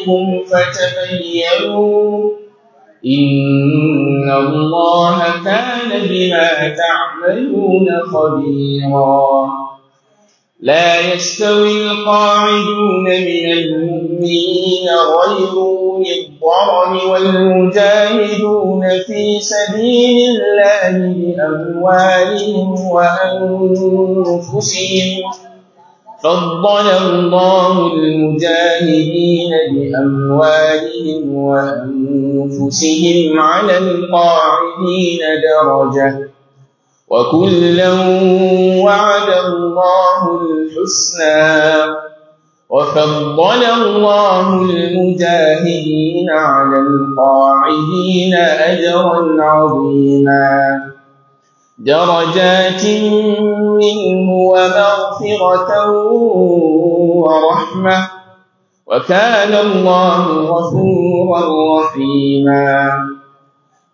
بكم فتبينوا إن الله كان بما تعملون خبيرا لا يستوي القاعدون من المؤمنين غير الضرر والمجاهدون في سبيل الله بأموالهم وأنفسهم فضل الله المجاهدين بأموالهم وأنفسهم على القاعدين درجة وكلا وعد الله الحسنى وفضل الله المجاهدين على القاعدين أجرا عظيما درجات منه ومغفرة ورحمة وكان الله غفورا رحيما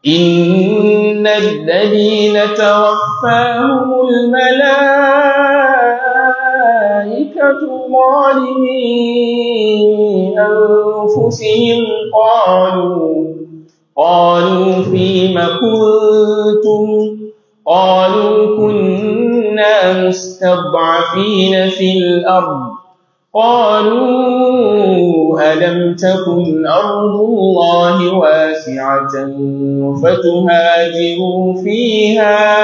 إن الذين توفاهم الملائكة ظالمين أنفسهم قالوا قالوا فيم كنتم قالوا كنا مستضعفين في الأرض قالوا ألم تكن أرض الله واسعة فتهاجروا فيها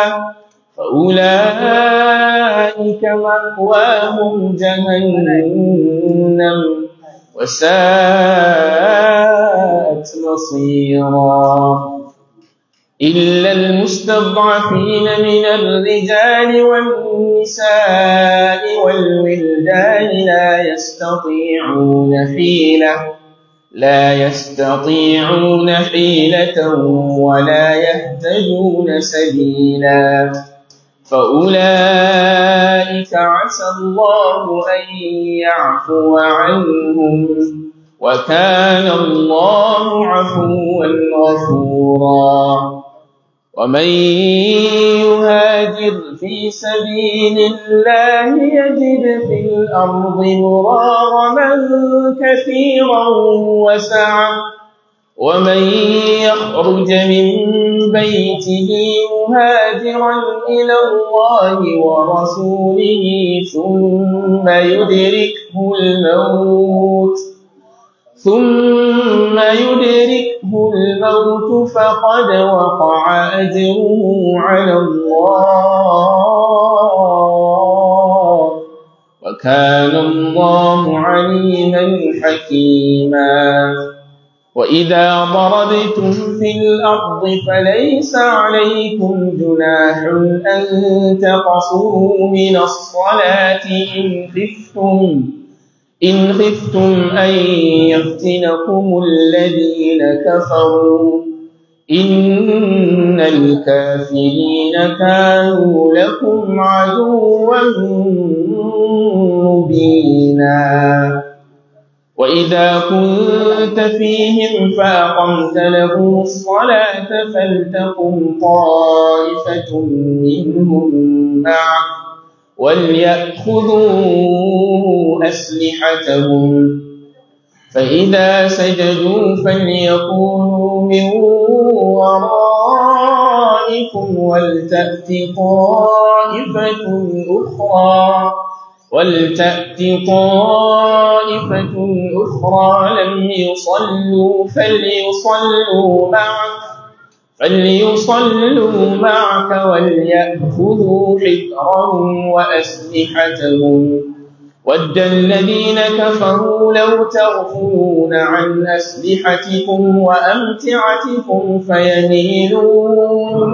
فأولئك مأواهم جهنم وساءت مصيرا إلا المستضعفين من الرجال والنساء والولدان لا يستطيعون حيلة لا يستطيعون حيلة ولا يهتدون سبيلا فأولئك عسى الله أن يعفو عنهم وكان الله عفوا غفورا ومن يهاجر في سبيل الله يجد في الأرض مراغما كثيرا وسعا ومن يخرج من بيته مهاجرا إلى الله ورسوله ثم يدركه الموت ثم يدركه الموت فقد وقع أجره على الله وكان الله عليما حكيما وإذا ضربتم في الأرض فليس عليكم جناح أن تقصروا من الصلاة إن خفتم إن خفتم أن يفتنكم الذين كفروا إن الكافرين كانوا لكم عدوا مبينا وإذا كنت فيهم فأقمت لهم الصلاة فلتقم طائفة منهم معك وليأخذوا أسلحتهم فإذا سجدوا فليكونوا من ورائكم ولتأت طائفة أخرى ولتأت طائفة أخرى لم يصلوا فليصلوا معك فليصلوا معك وليأخذوا حذرهم وأسلحتهم ود الذين كفروا لو تغفلون عن أسلحتكم وأمتعتكم فيميلون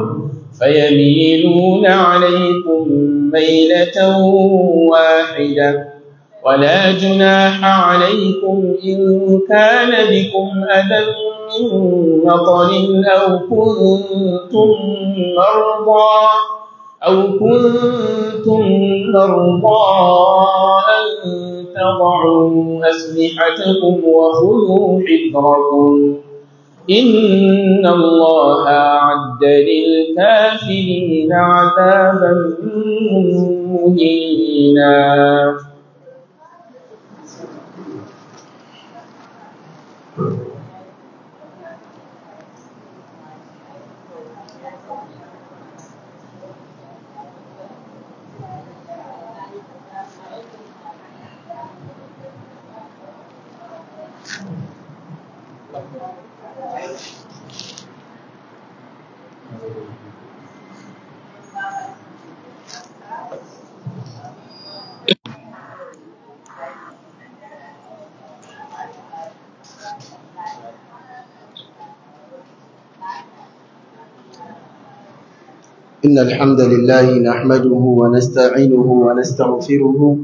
فيميلون عليكم ميلة واحدة ولا جناح عليكم إن كان بكم أذى من مطر أو كنتم مرضى أو كنتم مرضى أن تضعوا أسلحتكم وخذوا حذركم إن الله أعد للكافرين عذابا مهينا إن الحمد لله نحمده ونستعينه ونستغفره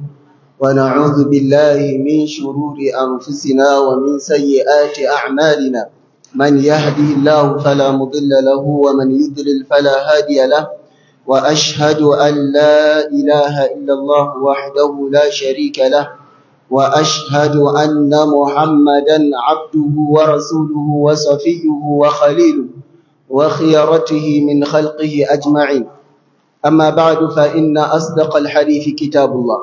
ونعوذ بالله من شرور أنفسنا ومن سيئات أعمالنا من يهدي الله فلا مضل له ومن يضلل فلا هادي له وأشهد أن لا إله إلا الله وحده لا شريك له وأشهد أن محمدا عبده ورسوله وصفيه وخليله وخيرته من خلقه أجمعين أما بعد فإن أصدق الحديث كتاب الله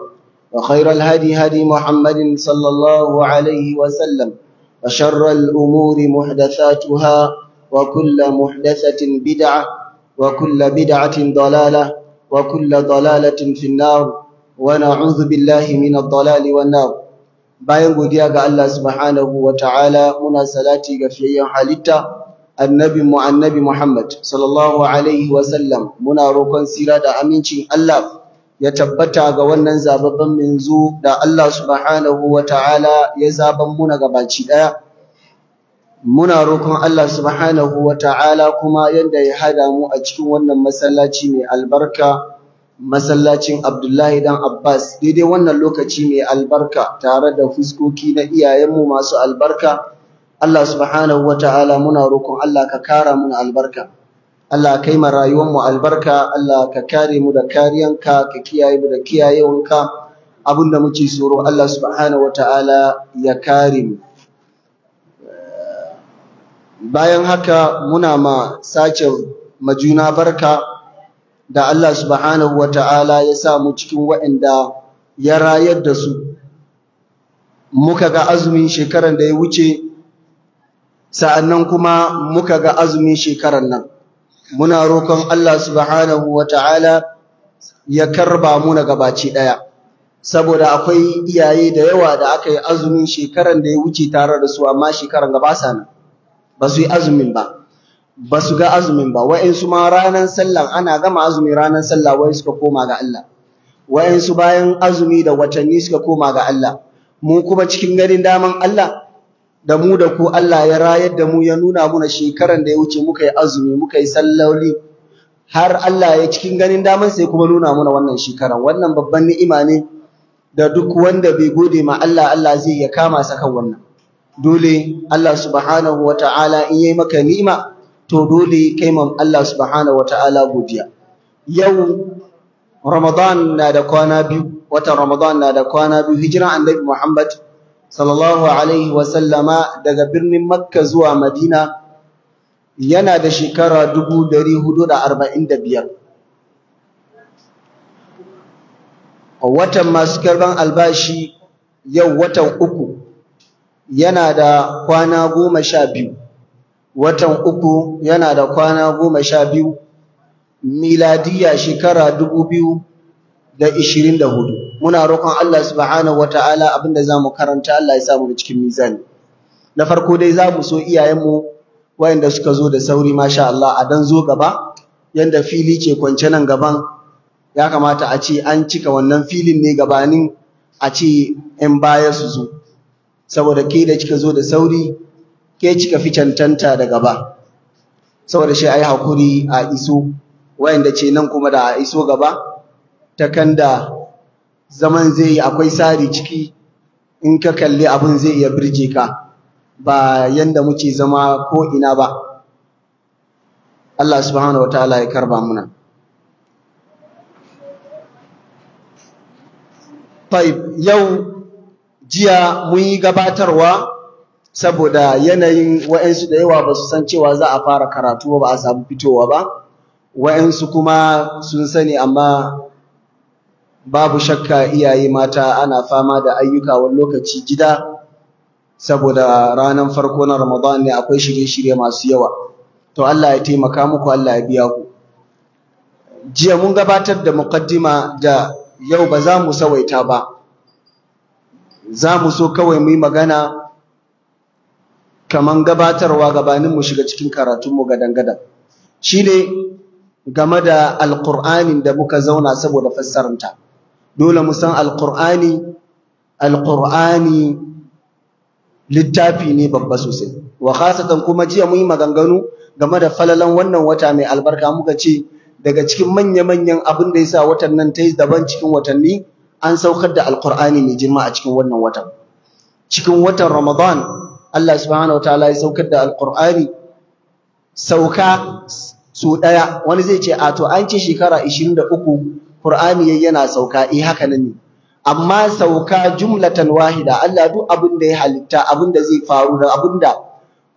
وخير الهدي هدي محمد صلى الله عليه وسلم وشر الأمور محدثاتها وكل محدثة بدعة وكل بدعة ضلالة وكل ضلالة في النار ونعوذ بالله من الضلال والنار bayan godiya ga Allah subhanahu wa ta'ala muna salati ga fiyayyen halitta annabi mu annabi Muhammad sallallahu alaihi wasallam muna rokon sira da amincin Allah ya tabbata ga wannan zababban minzu da Allah subhanahu ta'ala ya zaban muna gabaci daya muna rokon Allah subhanahu ta'ala kuma yadda ya hada mu a cikin wannan masallaci mai albarka masallacin Abdullahi dan Abbas daidai wannan lokaci mai albarka tare da fuskoki na iyayenmu masu albarka Allah subhanahu wa ta'ala muna roƙon Allah ka kara muna albarka Allah kai ma rayuwar mu albarka Allah ka kare mu da kariyanka ka kiyaye mu da kiyayewanka abinda muke tsoro Allah subhanahu wa ta'ala ya kare mu bayan haka muna ma sace majuna barka da Allah subhanahu wa ta'ala ya sa mu cikin waɗanda ya rayar da su muka ga azumin shekaran da ya wuce sa'annan kuma muka ga azumi shekarar nan muna roƙon Allah subhanahu wata'ala ya karba mu na gabaci ɗaya. saboda akwai iyaye da yawa da aka yi azumin shekaran da ya wuce tare da su amma shekaran gaba sana ba su yi azumin ba ba su ga azumin ba wa'insu ma ranar sallah ana gama azumi ranar sallah wai suka koma ga Allah wa'insu bayan azumi da watanni suka koma ga Allah mu kuma cikin ganin daman Allah da mu da ku Allah ya rayar da mu ya nuna muna shekaran da ya wuce muka yi azumi muka yi sallauli har Allah ya cikin ganin daman sai kuma nuna muna wannan shekaran wannan babban ni'ima ne da duk wanda bai gode ma Allah Allah zai ya kama sa kan wannan dole Allah subhanahu wata'ala in yayi maka ni'ima to dole kai ma Allah subhanahu wata'ala godiya yau Ramadan na da kwana biyu wata Ramadan na da kwana biyu hijira annabi Muhammad sallallahu alaihi wasallama daga birnin makka zuwa madina yana da shekara 445 watan masu karban albashi yau watan uku yana da kwana goma sha biyu watan uku yana da kwana goma sha biyu miladiya shekara dubu da 24 muna roƙon Allah subhanahu wataala abinda zamu karanta Allah ya samu cikin mizani na farko dai zamu so iyayenmu wayanda suka zo da sauri masha Allah a dan zo gaba yanda fili ke kwance nan gaban ya kamata a ce an cika wannan filin ne gabanin a ce ‘yan baya su zo, saboda ke da kika zo da sauri, ke kika fi cancanta da gaba, saboda shi a yi a iso, wayanda ce nan kuma da a iso gaba, ta kanda zaman zai yi akwai tsari ciki in ka kalli abin zai iya birje ka ba yanda muke zama ko ina ba Allah subhanahu wataala ya karba muna Taib yau jiya mun yi gabatarwa saboda yanayin wa'ansu da yawa ba su san cewa za a fara karatu ba a samu fitowa ba wa'ansu kuma sun sani amma babu shakka iyaye mata ana fama da ayyuka wani lokaci gida saboda ranar farko na Ramadan ne akwai shirye-shirye masu yawa to Allah ya taimaka muku Allah ya biya ku jiya mun gabatar da muqaddima da yau ba za mu sawaita ba za mu so kawai mu yi magana kaman gabatarwa gabanin mu shiga cikin karatunmu gadan-gadan shi ne game da alƙur'anin da muka zauna saboda fassaranta. dole mu san alqur'ani alqur'ani littafi ne babba sosai wa khasatan kuma jiya mun yi maganganu game da falalan wannan wata mai albarka muka ce daga cikin manya-manyan abin da yasa watan nan ta yi daban cikin watanni an saukar da alqur'ani mai jima'a a cikin wannan watan cikin watan ramadan Allah subhanahu wataala ya saukar da alqur'ani sauka su daya wani zai ce a to an ce shekara 23 Qur'ani yayi yana sauka eh haka nan ne amma sauka jumlatan wahida Allah duk abin da ya halitta abin da zai faru da abin da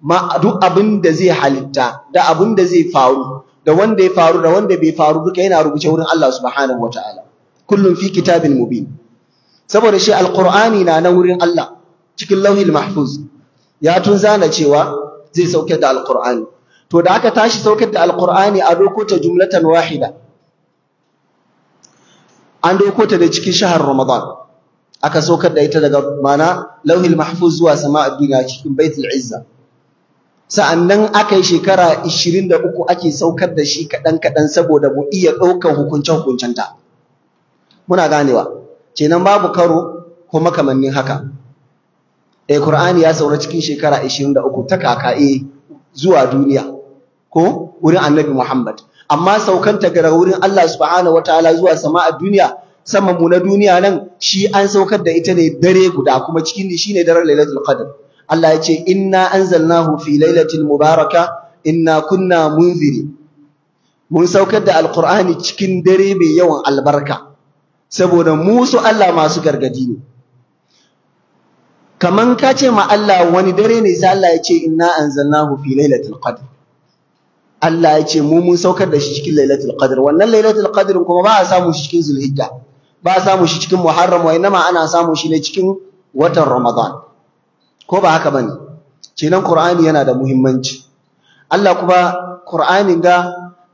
ma duk abin da zai halitta da abin da zai faru da wanda ya faru da wanda bai faru duka yana rubuce wurin Allah subhanahu wataala kullum fi kitabin mubin saboda shi alqur'ani na na wurin Allah cikin lauhil mahfuz ya tun zana cewa zai sauke da alqur'ani to da aka tashi saukar da alqur'ani a lokuta jumlatan wahida an doko ta da cikin shahar Ramadan aka sokar da ita daga mana lauhil mahfuz zuwa sama'a duniya cikin baitul izza sa'annan aka yi shekara 23 ake saukar da shi kadan-kadan saboda mu iya ɗaukar hukuncen hukuncinta. muna ganewa kenan babu karo ko makamannin haka eh qur'ani ya saura cikin shekara 23 ta kakae zuwa duniya ko wurin annabi muhammad amma saukanta daga wurin Allah subhanahu wataala zuwa sama a duniya sama mu na duniya nan shi an saukar da ita ne dare guda kuma cikin shi ne daren Lailatul Qadr Allah ya ce inna anzalnahu fi lailatin mubaraka inna kunna munziri mun saukar da alqur'ani cikin dare mai yawan albarka saboda mu su Allah masu gargadi ne kaman ka ce ma Allah wani dare ne sai Allah ya ce inna anzalnahu fi lailatul qadr Allah ya ce mu mun saukar da shi cikin lailatul qadr wannan lailatul qadr kuma ba a samu shi cikin zulhijja ba a samu shi cikin muharram wa inma ana samu shi ne cikin watan ramadan ko ba haka bane kenan qur'ani yana da muhimmanci Allah kuma qur'anin ga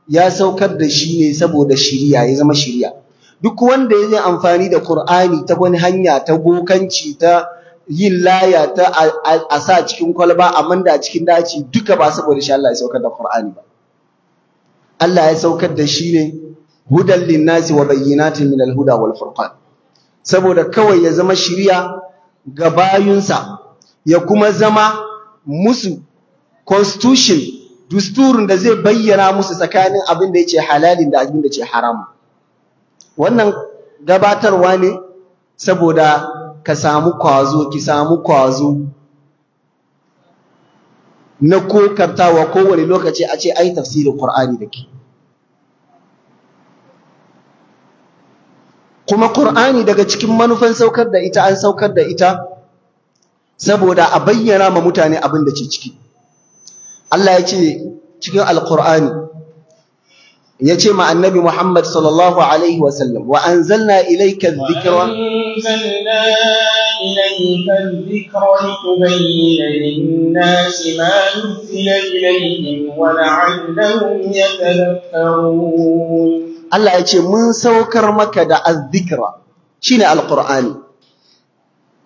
ya saukar da shi ne saboda shiriya ya zama shiriya duk wanda ya yi amfani da qur'ani ta wani hanya ta bokanci ta yin laya ta a sa cikin kwalba a da cikin daci duka ba saboda shi Allah ya saukar da Qur'ani ba Allah ya saukar da shi ne hudan linnasi wa bayyinatin min alhuda wal furqan saboda kawai ya zama shiriya ga bayunsa ya kuma zama musu constitution dusturin da zai bayyana musu tsakanin abin da yake halalin da abin da yake haram wannan gabatarwa ne saboda ka samu kwazo ki samu kwazo na wa kowane lokaci a ce ai tafsirin Qur'ani da kuma Qur'ani daga cikin manufan saukar da ita an saukar da ita saboda a bayyana ma mutane abin da ke ciki Allah ya ce cikin alqur'ani ya ce ma annabi Muhammad sallallahu alaihi wasallam wa anzalna ilayka dhikra إليك الذكر لتبين Allah ya ce mun saukar maka da azzikra shine alqur'ani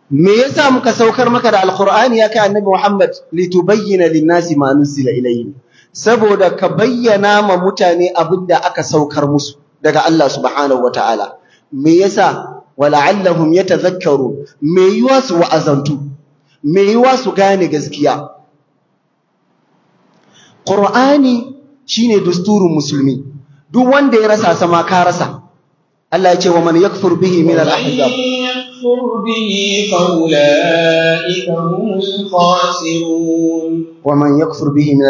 me yasa muka saukar maka da alqur'ani ya kai annabi Muhammad litubayyana lin-nasi ma nusila ilayhi saboda ka bayyana ma mutane abinda aka saukar musu daga Allah subhanahu wataala me yasa wala'allahum yatadhakkarun me yiwa su wa'azantu me yiwa su gane gaskiya Qur'ani shine dusturin musulmi duk wanda ya rasa sama ka rasa Allah ya ce wa man yakfur bihi min al-ahzab يكفر به فأولئك هم الخاسرون ومن يكفر به من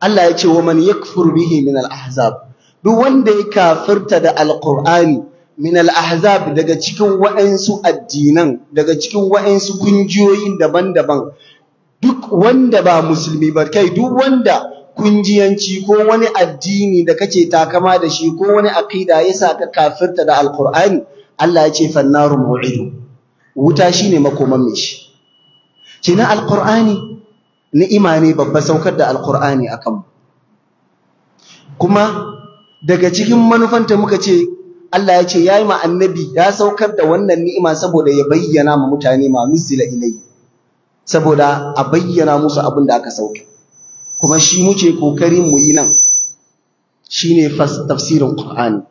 Allah ya ce wa man yakfur bihi min al-ahzab duk wanda ya kafirta da alqur'ani min al-ahzab daga cikin wa'ansu addinan daga cikin wa'ansu kungiyoyin daban-daban duk wanda ba musulmi ba kai duk wanda kungiyanci ko wani addini da kake takama da shi ko wani aqida yasa ka kafirta da alqur'ani Allah ya ce fannaru mu'idu wuta shine makoman me shi kina alqur'ani ni'ima ne babba saukar da alqur'ani akan kuma daga cikin manufanta muka ce Allah ya ce yayi ma annabi ya saukar da wannan ni'ima saboda ya bayyana ma mutane ma nuzila ilai saboda a bayyana musu abin da aka sauke kuma shi muke kokarin mu yi nan shine tafsirin Qur'ani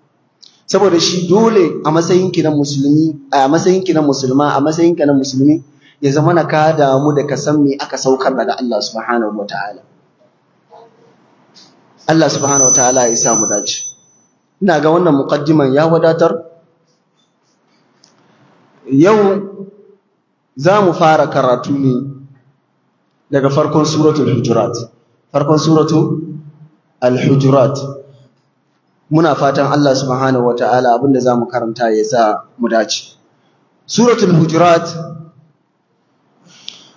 saboda shi dole a matsayin ki na musulmi a matsayin na musulma a matsayin ka na musulmi ya zama na ka damu da ka san me aka saukar daga Allah subhanahu wataala Allah subhanahu wataala ya sa mu dace ina ga wannan muqaddiman ya wadatar yau za mu fara karatu ne daga farkon suratul hujurat farkon suratul al muna fatan Allah subhanahu wataala abinda za mu karanta ya sa mu dace suratul hujurat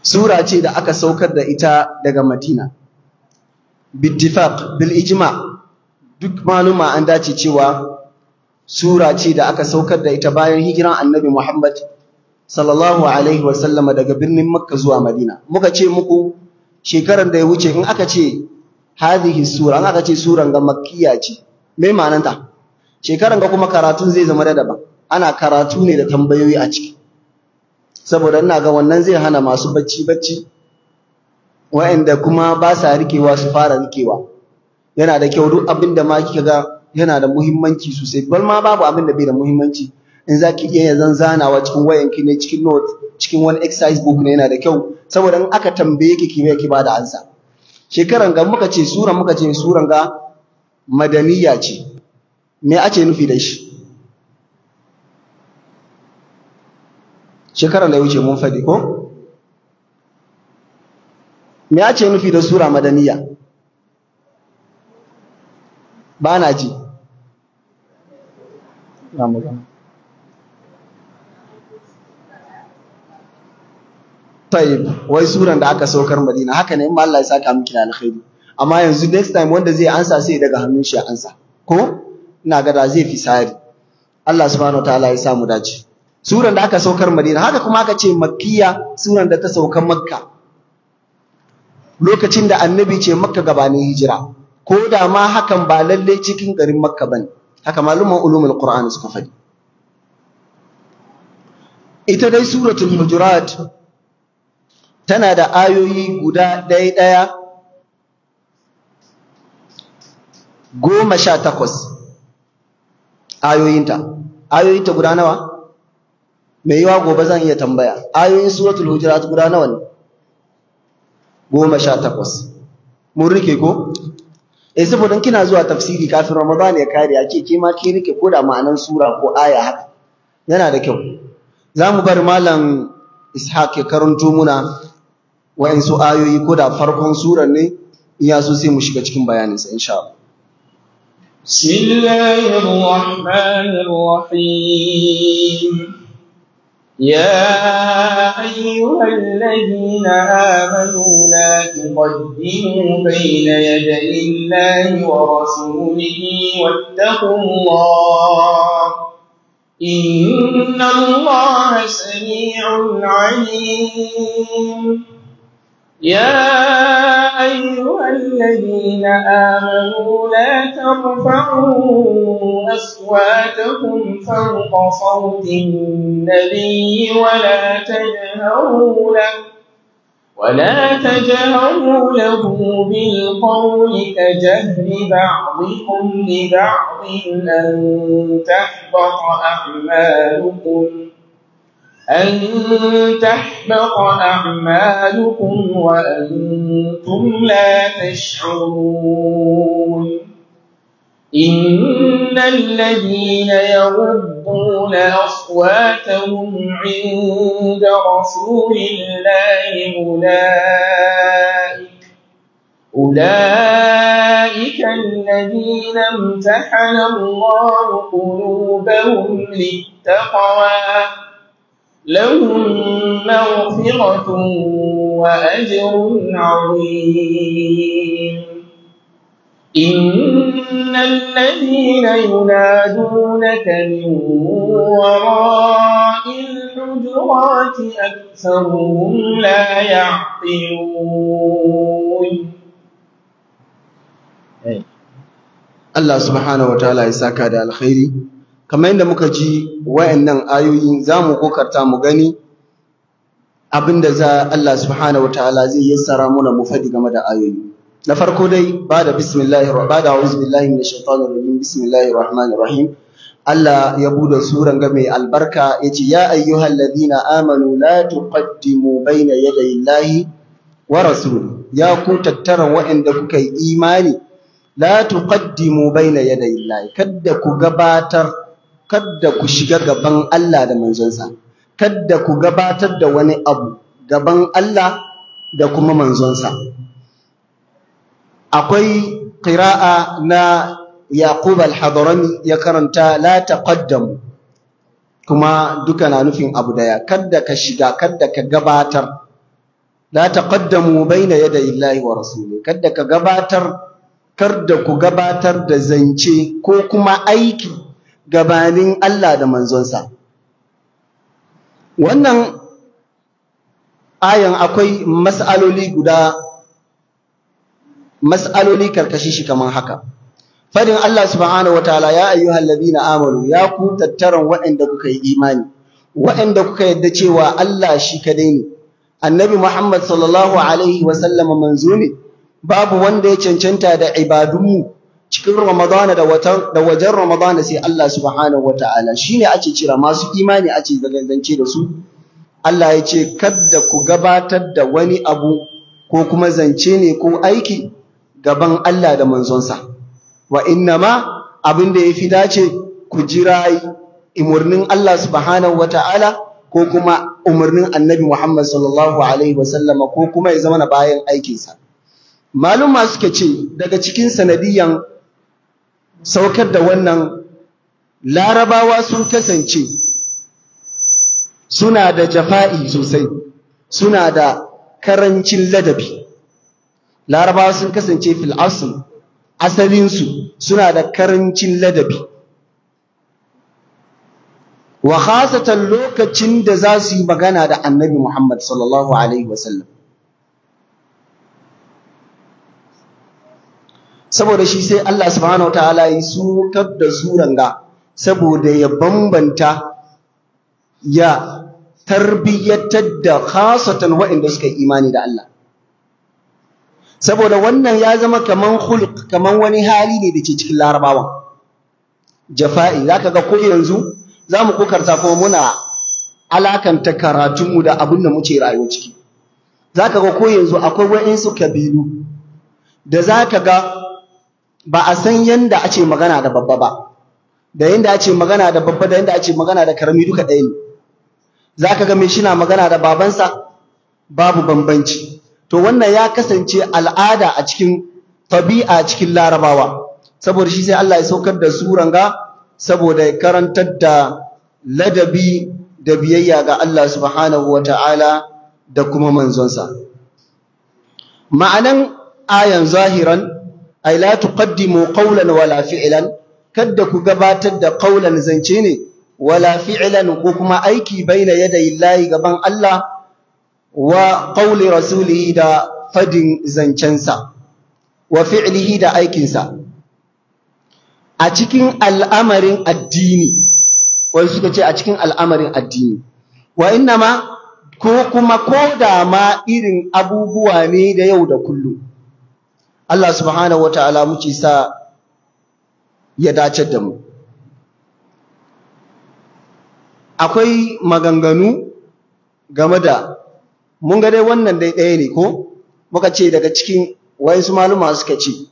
sura ce da aka saukar da ita daga madina bittifaq bil ijma' duk maluma an dace cewa sura ce da aka saukar da ita bayan hijiran annabi Muhammad sallallahu alaihi wa sallam daga birnin Makka zuwa Madina muka ce muku shekaran da ya wuce in aka ce hadhihi sura an aka ce suran ga makkiya ce me ma'ananta shekaran ga kuma karatun zai zama da daban ana karatu ne da tambayoyi a ciki saboda ina ga wannan zai hana masu bacci bacci wa'anda kuma ba sa rikewa su fara rikewa yana da kyau duk abin da ma kika ga yana da muhimmanci sosai bal ma babu abin da bai da muhimmanci in za ki iya zan zanawa cikin wayanki ne cikin note cikin wani exercise book ne yana da kyau saboda in aka tambaye ki kimiyya ki bada ansa shekaran ga muka ce suran muka ce suran ga madaniya ce me ake nufi da shi shekaran da ya wuce mun faɗi ko me ake nufi da sura madaniya ba na ji tayib wai suran da aka saukar madina haka ne in ma Allah ya saka miki da alkhairi amma yanzu next time wanda zai ansa sai daga hannun shi ya ansa ko ina ga da zai fi sari Allah subhanahu wataala ya samu dace suran da aka saukar madina haka kuma aka ce makkiya suran da ta sauka makka lokacin da annabi ce makka gabanin hijira ko da ma hakan ba lalle cikin garin makka bane haka maluman ulumul qur'ani suka faɗi ita dai suratul hujurat tana da ayoyi guda ɗaya ɗaya goma sha takwas ayoyinta ayoyinta guda nawa mai yawa gobe zan iya tambaya ayoyin suratul hujurat guda nawa ne goma sha takwas mun rike ko eh saboda kina zuwa tafsiri kafin Ramadan ya kare ake ke ma ke rike koda ma'anan sura ko aya haka yana da kyau zamu bar malam Ishaq ya karanto muna su ayoyi ko da farkon surar ne iya so sai mu shiga cikin sa insha Allah بسم يا أيها الذين آمنوا لا تقدموا بين يدي الله ورسوله واتقوا الله إن الله سميع عليم يا أيها الذين آمنوا لا ترفعوا أصواتكم فوق صوت النبي ولا تجهروا له ولا تجهروا له بالقول كجهر بعضكم لبعض أن تحبط أعمالكم أن تحبط أعمالكم وأنتم لا تشعرون إن الذين يغضون أصواتهم عند رسول الله أولئك أولئك الذين امتحن الله قلوبهم للتقوى لهم مغفرة وأجر عظيم إن الذين ينادونك من وراء الحجرات أكثرهم لا يعقلون الله سبحانه وتعالى يساك ya الخير kamar yadda muka ji wa'annan ayoyi za mu kokarta mu gani abinda za Allah subhanahu wataala zai yassara muna mu faɗi game da ayoyi na farko dai ba da bismillahir ba da a'udhu billahi minash shaitanir rajim bismillahir rahim Allah ya bude suran ga mai albarka yace ya ayyuhal ladina amanu la tuqaddimu baina yadayi llahi wa rasuli ya ku tattara waɗanda kuka yi imani la tuqaddimu baina yadayi llahi kadda ku gabatar kadda ku shiga gaban Allah da manzonsa kadda ku gabatar da wani abu gaban Allah da kuma manzonsa akwai ƙira'a na Yaqub al-Hadrami ya karanta la taqaddam kuma duka na nufin abu daya kadda ka shiga kadda ka gabatar la taqaddamu baina yaday Allahi wa rasuli kadda ka gabatar kar da ku gabatar da zance ko kuma aiki gabanin Allah da manzonsa wannan ayan akwai mas'aloli guda mas'aloli karkashi shi kamar haka fadin Allah subhanahu Ta'ala ya hallabi na Amadu, ya ku tattaran waɗanda kuka yi imani waɗanda kuka yadda cewa Allah shi kadai ne annabi Muhammad sallallahu alaihi wa manzo ne babu wanda ya cancanta da ibadunmu cikin ramadana da watan da wajen ramadana sai Allah subhanahu wataala shine ake cira masu imani ake zagazance da su Allah ya ce kadda ku gabatar da wani abu ko kuma zance ne ko aiki gaban Allah da manzonsa wa innama abin da yafi dace ku jira umurnin Allah subhanahu wataala ko kuma umurnin Annabi Muhammad sallallahu alaihi ko kuma ya zama na bayan aikinsa ma suke ce daga cikin sanadiyan saukar da wannan larabawa sun kasance suna da jafa'i sosai suna da karancin ladabi larabawa sun kasance fil asalinsu suna da karancin ladabi wa khasatan lokacin da za su yi magana da annabi Muhammad sallallahu alaihi wasallam saboda shi sai Allah subhanahu ta'ala ya sukar da su ranga saboda ya bambanta ya tarbiyyatar da khasatan waɗanda suka yi imani da Allah saboda wannan ya zama kaman hulk kaman wani hali ne da ke cikin larabawan jafa'i zaka ga ko yanzu zamu kokarta kuma muna alakanta karatunmu da abin da muke rayuwa ciki zaka ga ko yanzu akwai wa'insu kabilu da zaka ga ba a san yanda a ce magana da babba ba da yanda a ce magana da babba da yanda a ce magana da karami duka ɗaya ne za ka ga mai na magana da babansa babu bambanci to wannan ya kasance al'ada a cikin tabi'a cikin larabawa saboda shi sai Allah ya saukar da su ga saboda ya karantar da ladabi da biyayya ga Allah subhanahu wa ta'ala da kuma manzonsa ma'anan ayan zahiran ay la tuqaddimu qawlan wala fi'lan kadda ku gabatar da qawlan zance ne wala fi'lan ko kuma aiki baina yadayi lahi gaban Allah wa qawli rasulihi da fadin zancensa wa fi'lihi da aikinsa a cikin al'amarin addini wai suka ce a cikin al'amarin addini wa inna ma ko kuma ko da ma irin abubuwa ne da yau da kullum Allah subhanahu ta'ala muke sa ya dace da mu akwai maganganu game da mun ga dai wannan dai ɗaya ne ko muka ce daga cikin su maluma suka ce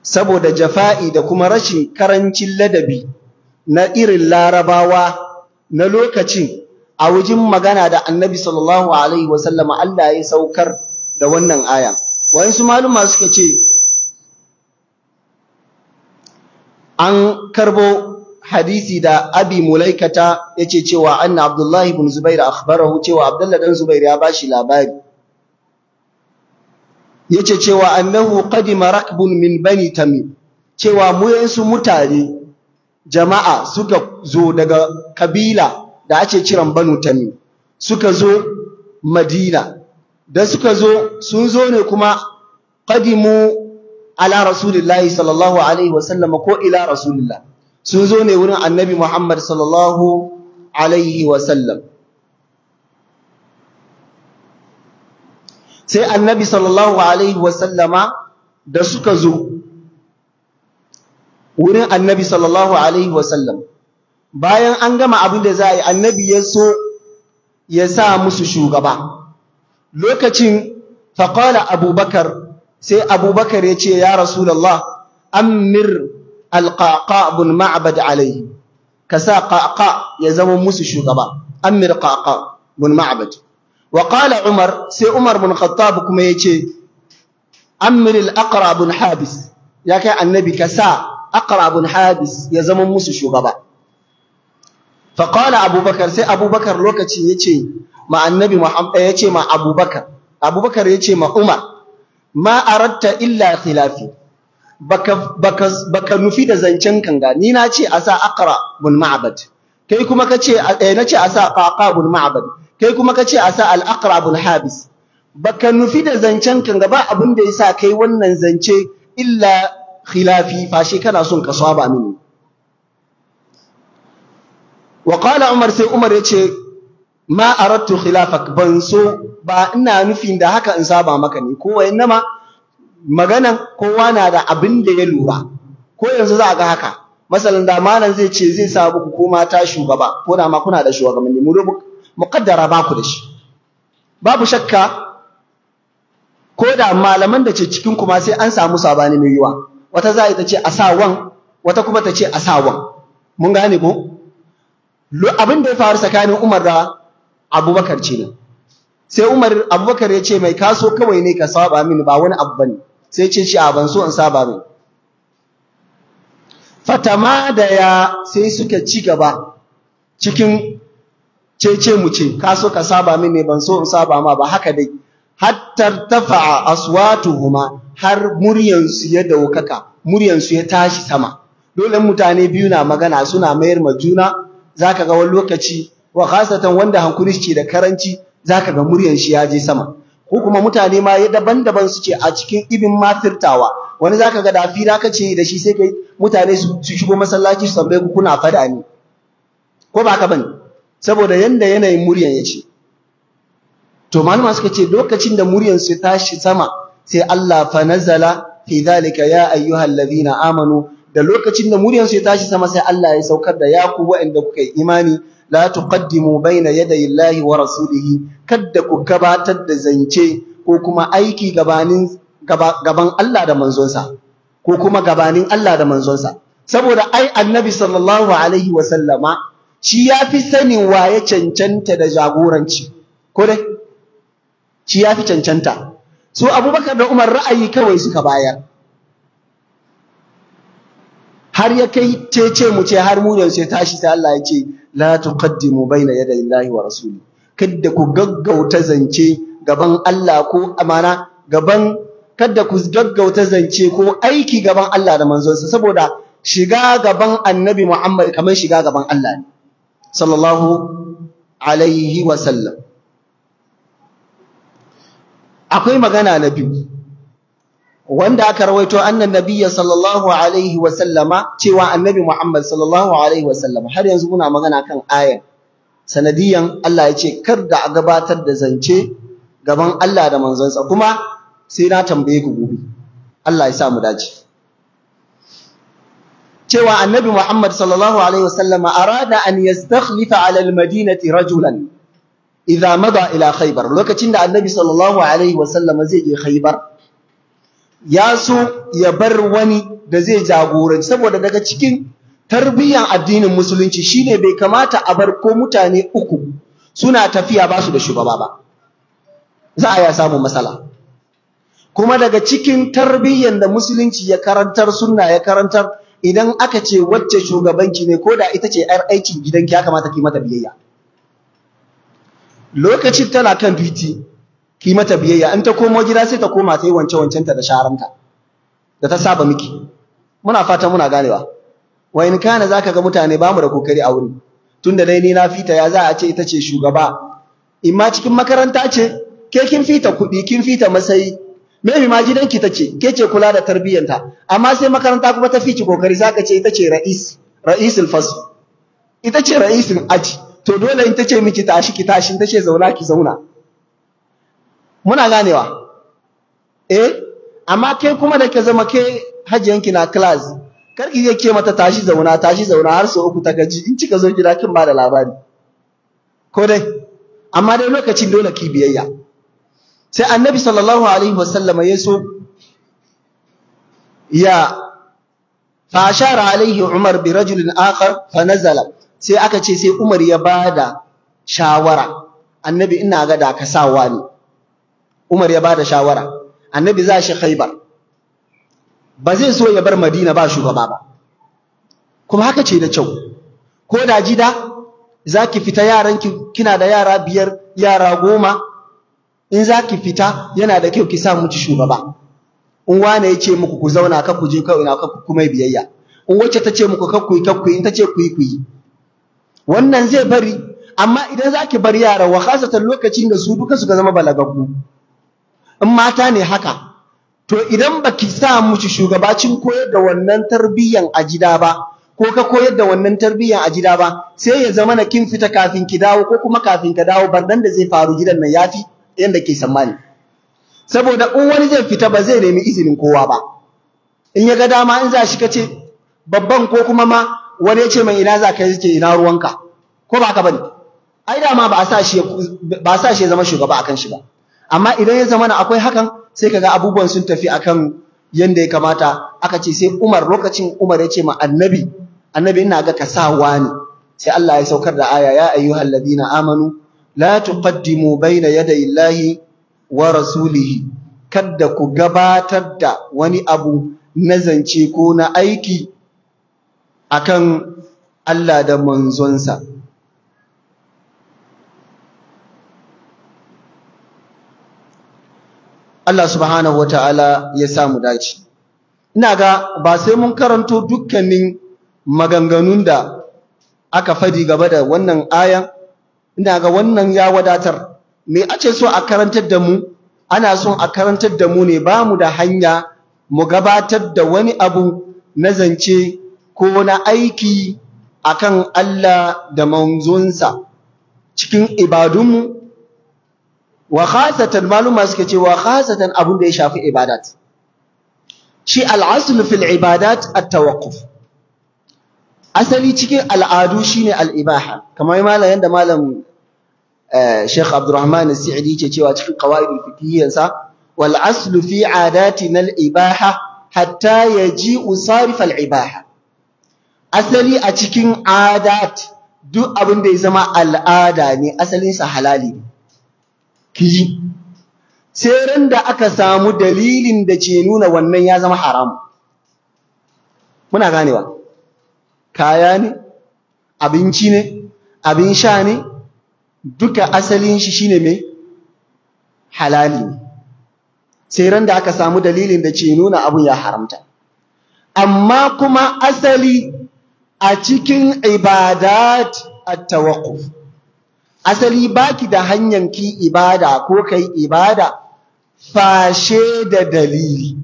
saboda jafa'i da kuma rashin karancin ladabi na irin larabawa na lokacin a wajen magana da annabi sallallahu alaihi wasallama Allah ya saukar da wannan aya waɗansu maluma suka ce an karbo hadisi da abi mulaikata ya ce cewa anna abdullahi ibn zubair akhbarahu cewa abdullahi dan zubair ya bashi labari ya ce cewa annahu qadima rakbun min bani tamim cewa yansu mutane jama'a suka zo daga kabila da ake kiran banu tamim suka zo madina da suka zo sun zo ne kuma qadimu ala rasulillahi sallallahu alaihi wasallam ko ila rasulillah sun zo ne wurin annabi Muhammad sallallahu alaihi wasallam sai annabi sallallahu alaihi wasallama da suka zo wurin annabi sallallahu alaihi wasallam bayan an gama abin da za a yi annabi ya so ya sa musu shugaba lokacin faƙala abubakar sai abubakar ya ce ya rasulallah amir alƙaƙa bin ma'abad alaihi ka sa ƙaƙa ya zama musu shugaba amir ƙaƙa bin ma'abad wa ƙala umar sai umar bin khattab kuma ya ce amir al'aƙara bin habis ya kai annabi ka sa aqra bin habis ya zama musu shugaba faƙala abubakar sai abubakar lokacin ya ce ma annabi Muhammad eh, ya ce ma Abubakar Abubakar ya ce ma Umar ma aratta illa khilafi baka baka baka nufi da zancen kanga ni na ce asa aqra bun ma'bad kai kuma ka ce eh ce asa qaqa bun ma'bad kai kuma ka ce asa al aqra bun habis baka nufi da zancen kanga ba abin da yasa kai wannan zance illa khilafi fashe kana son ka saba mini wa qala umar sai umar ce. ma aradtu khilafak ban so ba ina nufin da haka in saba maka ne ko wayannama magana kowa na da abin da ya lura ko yanzu za a ga haka masalan da malam zai ce zai sa ku ko mata shugaba ko da ma kuna da shugabanni mu muqaddara ba ku da shi babu shakka ko da malaman da ce cikin ma sai an samu sabani mai yiwa wata za ta ce a sa wan wata kuma ta ce a sa wan mun gane ko abin da ya faru tsakanin Umar da abubakar ce ne sai umar abubakar ya ce mai kaso kawai ne ka saba mini ba wani abu bane sai ce shi a ban so in saba min. fatama da ya sai suka ci gaba cikin cece mu ce ka ka saba mini ban so in saba ma ba haka dai hatta tafa'a aswatuhuma har muryansu ya daukaka muryansu ya tashi sama dole mutane biyu na magana suna mayar ma juna zaka ga wani lokaci wa khasatan wanda hankuri ce da karanci zaka ga muryan shi ya je sama ko kuma mutane ma ya daban-daban suke a cikin ibin mafirtawa wani zaka ga da fira kace da shi sai kai mutane su shigo masallaci su tambaye ku kuna fada ni ko ba ka bane saboda yanda yanayin muryan yace to malama suka ce lokacin da muryan su tashi sama sai Allah fa nazala fi zalika ya ayyuhal ladina amanu da lokacin da muryan su ya tashi sama sai Allah ya saukar da ya ku wa'anda kuka yi imani la tuqaddimu bayna yaday Allahi wa rasulihi kadda ku gabatar da zance ko kuma aiki gabanin gaban Allah da manzonsa ko kuma gabanin Allah da sa saboda ai annabi sallallahu alaihi wa sallama shi ya fi sanin waye cancanta da jagoranci ko dai shi ya fi cancanta so abubakar da umar ra'ayi kawai suka bayar har ya kai ce ce mu ce har mu yanzu ya tashi sai Allah ya ce la tuqaddimu baina yaday Allahi wa rasuli Kadda ku gaggauta zance gaban Allah ko amana gaban kadda ku gaggauta zance ko aiki gaban Allah da manzonsa saboda shiga gaban Annabi Muhammad kamar shiga gaban Allah ne sallallahu alaihi wa sallam akwai magana na biyu wanda aka rawaito annan nabiyya sallallahu alaihi wa sallama cewa annabi Muhammad sallallahu alaihi wa sallama har yanzu muna magana kan ayan sanadiyan Allah ya ce kar da a gabatar da zance gaban Allah da manzansa kuma sai na tambaye ku gobe Allah ya sa mu dace cewa annabi Muhammad sallallahu alaihi wa sallama arada an yastakhlifa ala almadinati rajulan idza mada ila khaybar lokacin da annabi sallallahu alaihi wa sallama zai je khaybar ya so ya bar wani da zai jagoranci saboda daga cikin tarbiyyar addinin musulunci shine bai kamata a bar ko mutane uku suna tafiya ba su da shugaba ba za a ya samu matsala kuma daga cikin tarbiyyar da musulunci ya karantar sunna ya karantar idan aka ce wacce shugabanki ne ko da ita ce yar aikin gidanki ya kamata ki mata biyayya lokacin tana kan titi. ki mata biyayya in ta komo gida sai ta koma ta yi wance wancenta da sharanta da ta saba miki muna fata muna ganewa wa in kana zaka ga mutane ba mu da kokari a wuri tunda dai ni na fita ya za a ce ita ce shugaba in ma cikin makaranta ce ke kin fita kuɗi kin fita masayi maybe ma gidanki ta ce ke ce kula da tarbiyyanta amma sai makaranta kuma ta fici kokari zaka ce ita ce ra'is ra'isul fasl ita ce ra'isul aji to dole in ta ce miki tashi ki tashi in ta ce zauna ki zauna muna ganewa eh amma ke kuma da ke zama ke hajiyanki na class karki zai ke mata tashi zauna tashi zauna har sau uku ta gaji in kika zo gida kin ba da labari ko dai amma dai lokacin dole ki biyayya sai annabi sallallahu alaihi wasallam ya so ya fa alaihi umar bi rajulin akhar fa nazala sai aka ce sai umar ya bada shawara annabi ina ga da ka sawa ne Umar ya bada shawara annabi za shi Khaibar ba zai so ya bar Madina ba shugaba ba kuma haka ce da kyau ko da jida za ki fita yaranki kina da yara biyar yara goma in za ki fita yana da kyau ki sa muci shugaba in wane ya ce muku ku zauna ka ku je ka ina ka ku mai biyayya in wacce ta ce muku ka kakku in ta ce ku kuyi wannan zai bari amma idan za ki bar yara wa khasatan lokacin da su duka suka zama balagaggu in mata ne haka to idan baki sa mushi shugabacin koyar da wannan tarbiyyan a gida ba ko ka koyar da wannan tarbiyyan a gida ba sai ya zama na kin fita kafin ki dawo ko kuma kafin ka dawo bandan da zai faru gidan nan yafi yanda ke sammani saboda in wani zai fita ba zai nemi izinin kowa ba in ya ga dama in za shi kace babban ko kuma ma wani ya ce mai ina za ka yake ina ruwanka ko ba ka bane ai dama ba a sa shi ba a sa shi ya zama shugaba akan shi ba amma idan ya zamana akwai hakan sai kaga abubuwan sun tafi akan yanda ya kamata aka ce sai Umar lokacin Umar ya ce ma annabi annabi ina ga ka sawa ne sai Allah ya saukar da aya ya ayyuhal ladina amanu la tuqaddimu bayna yaday illahi wa rasulihi kadda ku gabatar da wani abu na zance ko na aiki akan Allah da manzonsa Allah subhanahu ta'ala ya samu dace ina ga ba sai mun karanto dukkanin maganganun da aka fadi gaba da wannan ayan ina ga wannan ya wadatar me ace so a karantar da mu ana so a karantar da mu ne ba mu da hanya mu gabatar da wani abu na zance ko na aiki a kan Allah da manzonsa cikin ibadunmu wa khasatan maluma suke ce khasatan abin da ya shafi ibadat shi al'asl fil ibadat at-tawaqquf asali cikin al'adu shine al-ibaha kamar malam yanda malam eh, Sheikh abdurrahman As-Sa'idi yake cewa cikin al fiqhiyyan sa wal asl fi adatina al-ibaha hatta yaji'u usarif al-ibaha asali a cikin adat duk abin da ya zama al'ada ne asalin sa halali ne kiji sai ran da aka samu dalilin da ce nuna wannan ya zama haram muna ganewa kaya ne abinci ne abin sha ne duka asalin shi shine mai halali ne sai ran da aka samu dalilin da ce nuna abun ya haramta amma kuma asali a cikin ibadat at-tawaqquf asali baki da hanyar ki ibada ko kai ibada fashe da dalili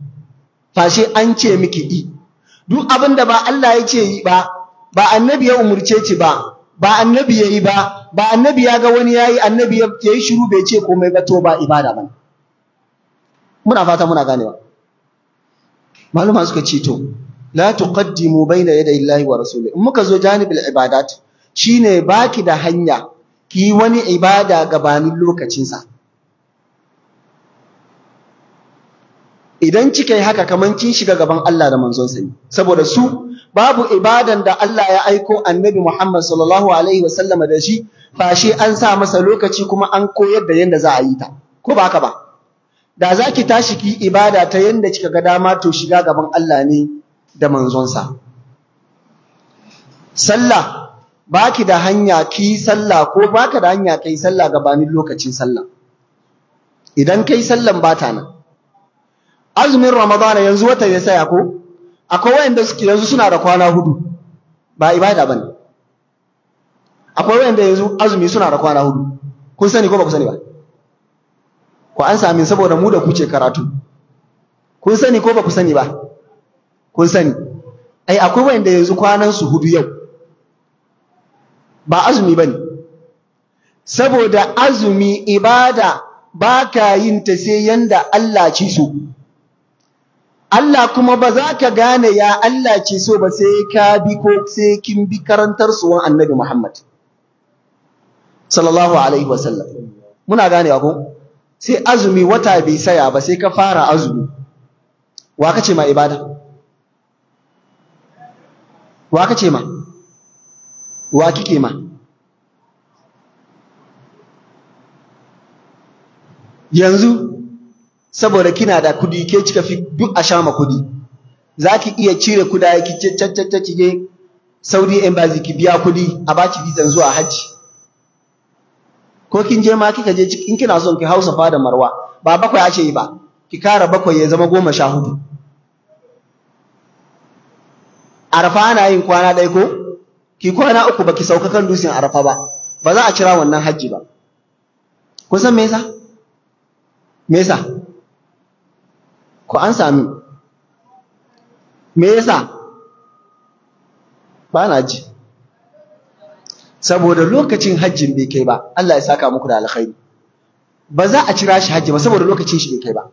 fashe an ce miki i duk abin da ba Allah ya ce yi ba ba annabi ya umurce ki ba ba annabi ya yi ba ba annabi ya ga wani ya yi annabi ya yi shiru bai ce komai ba to ba ibada ba muna fata muna ganewa maluma suka ce to la tuqaddimu baina yaday Allahi wa rasulihi in muka zo janibul ibadat shine baki da hanya ki wani ibada gabanin lokacinsa idan kika yi haka kaman kin shiga gaban Allah da manzonsa ne saboda su babu ibadan da Allah ya aiko annabi Muhammad sallallahu alaihi wasallam da shi fashe an sa masa lokaci kuma an koyar da yadda za a yi ta ko ba haka ba da zaki tashi ki ibada ta yadda kika ga dama to shiga gaban Allah ne da manzonsa sallah baki da hanya ki sallah ko baka da hanya kai sallah gabanin lokacin sallah idan kai sallan bata nan azumin ramadana yanzu wata ya saya ko akwai wayanda suke yanzu suna da kwana hudu ba ibada bane akwai wayanda yanzu azumi suna da kwana hudu kun sani ko ba ku sani ba ko an sami saboda mu da ku ce karatu kun sani ko ba ku sani ba kun sani ai akwai wayanda yanzu kwanan su hudu yau ba azumi ba ne. saboda azumi ibada ba ka yin ta sai yanda Allah ci so Allah kuma ba za ka gane ya Allah ci so ba sai ka bi ko sai kin bi karantar suwan Annabi Muhammad sallallahu alaihi wasallam muna ganewa ko sai azumi wata bai saya ba sai ka fara azumi wa kace ma ibada wa kace ma wa kike ma yanzu saboda kina da kudi ke cika fi duk a shama kudi za ki iya cire kudaye ki caccacce ki je Saudi embassy ki biya kudi a baki visa zuwa hajji ko kin je ma kika je in kina son ki hausa fada marwa ba bakwai ake yi ba ki kara bakwai ya zama goma sha hudu arafa ana yin kwana ɗaya ko ki kwana uku baki sauka kan dutsen arafa ba ba za a kira wannan hajji ba kun san me yasa me yasa ko an sami me yasa ba na ji saboda lokacin hajjin bai kai ba Allah ya saka muku da alkhairi ba za a kira shi hajji ba saboda lokacin shi bai kai ba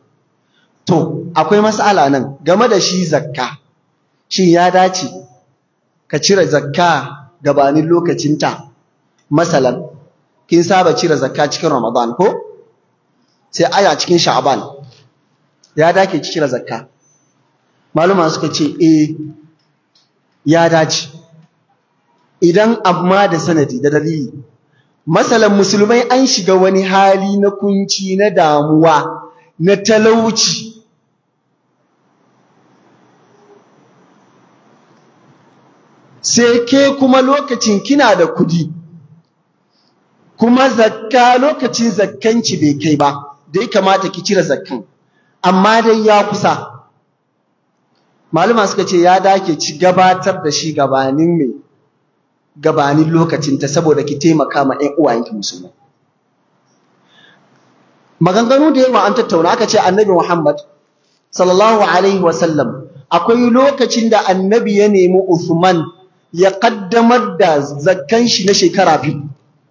to akwai mas'ala nan game da shi zakka shin ya dace ka cire zakka gabanin lokacinta masalan kin saba cire zakka cikin ramadan ko sai aya cikin sha'aban ya dace ki cire zakka maluma suka ce eh ya dace idan amma da sanadi da dalili masalan musulmai an shiga wani hali na kunci na damuwa na talauci sai ke kuma lokacin kina da kudi kuma zakka lokacin zakkanci bai kai ba da ya kamata ki cire zakkan amma dai ya kusa malama suka ce ya dake ci gabatar da shi gabanin mai gabanin lokacin ta saboda ki taimaka ma uwa yanki musulmai maganganu da yawa an tattauna aka ce annabi Muhammad sallallahu alaihi wasallam akwai lokacin da annabi ya nemi usman ya kaddamar da zakkan shi na shekara biyu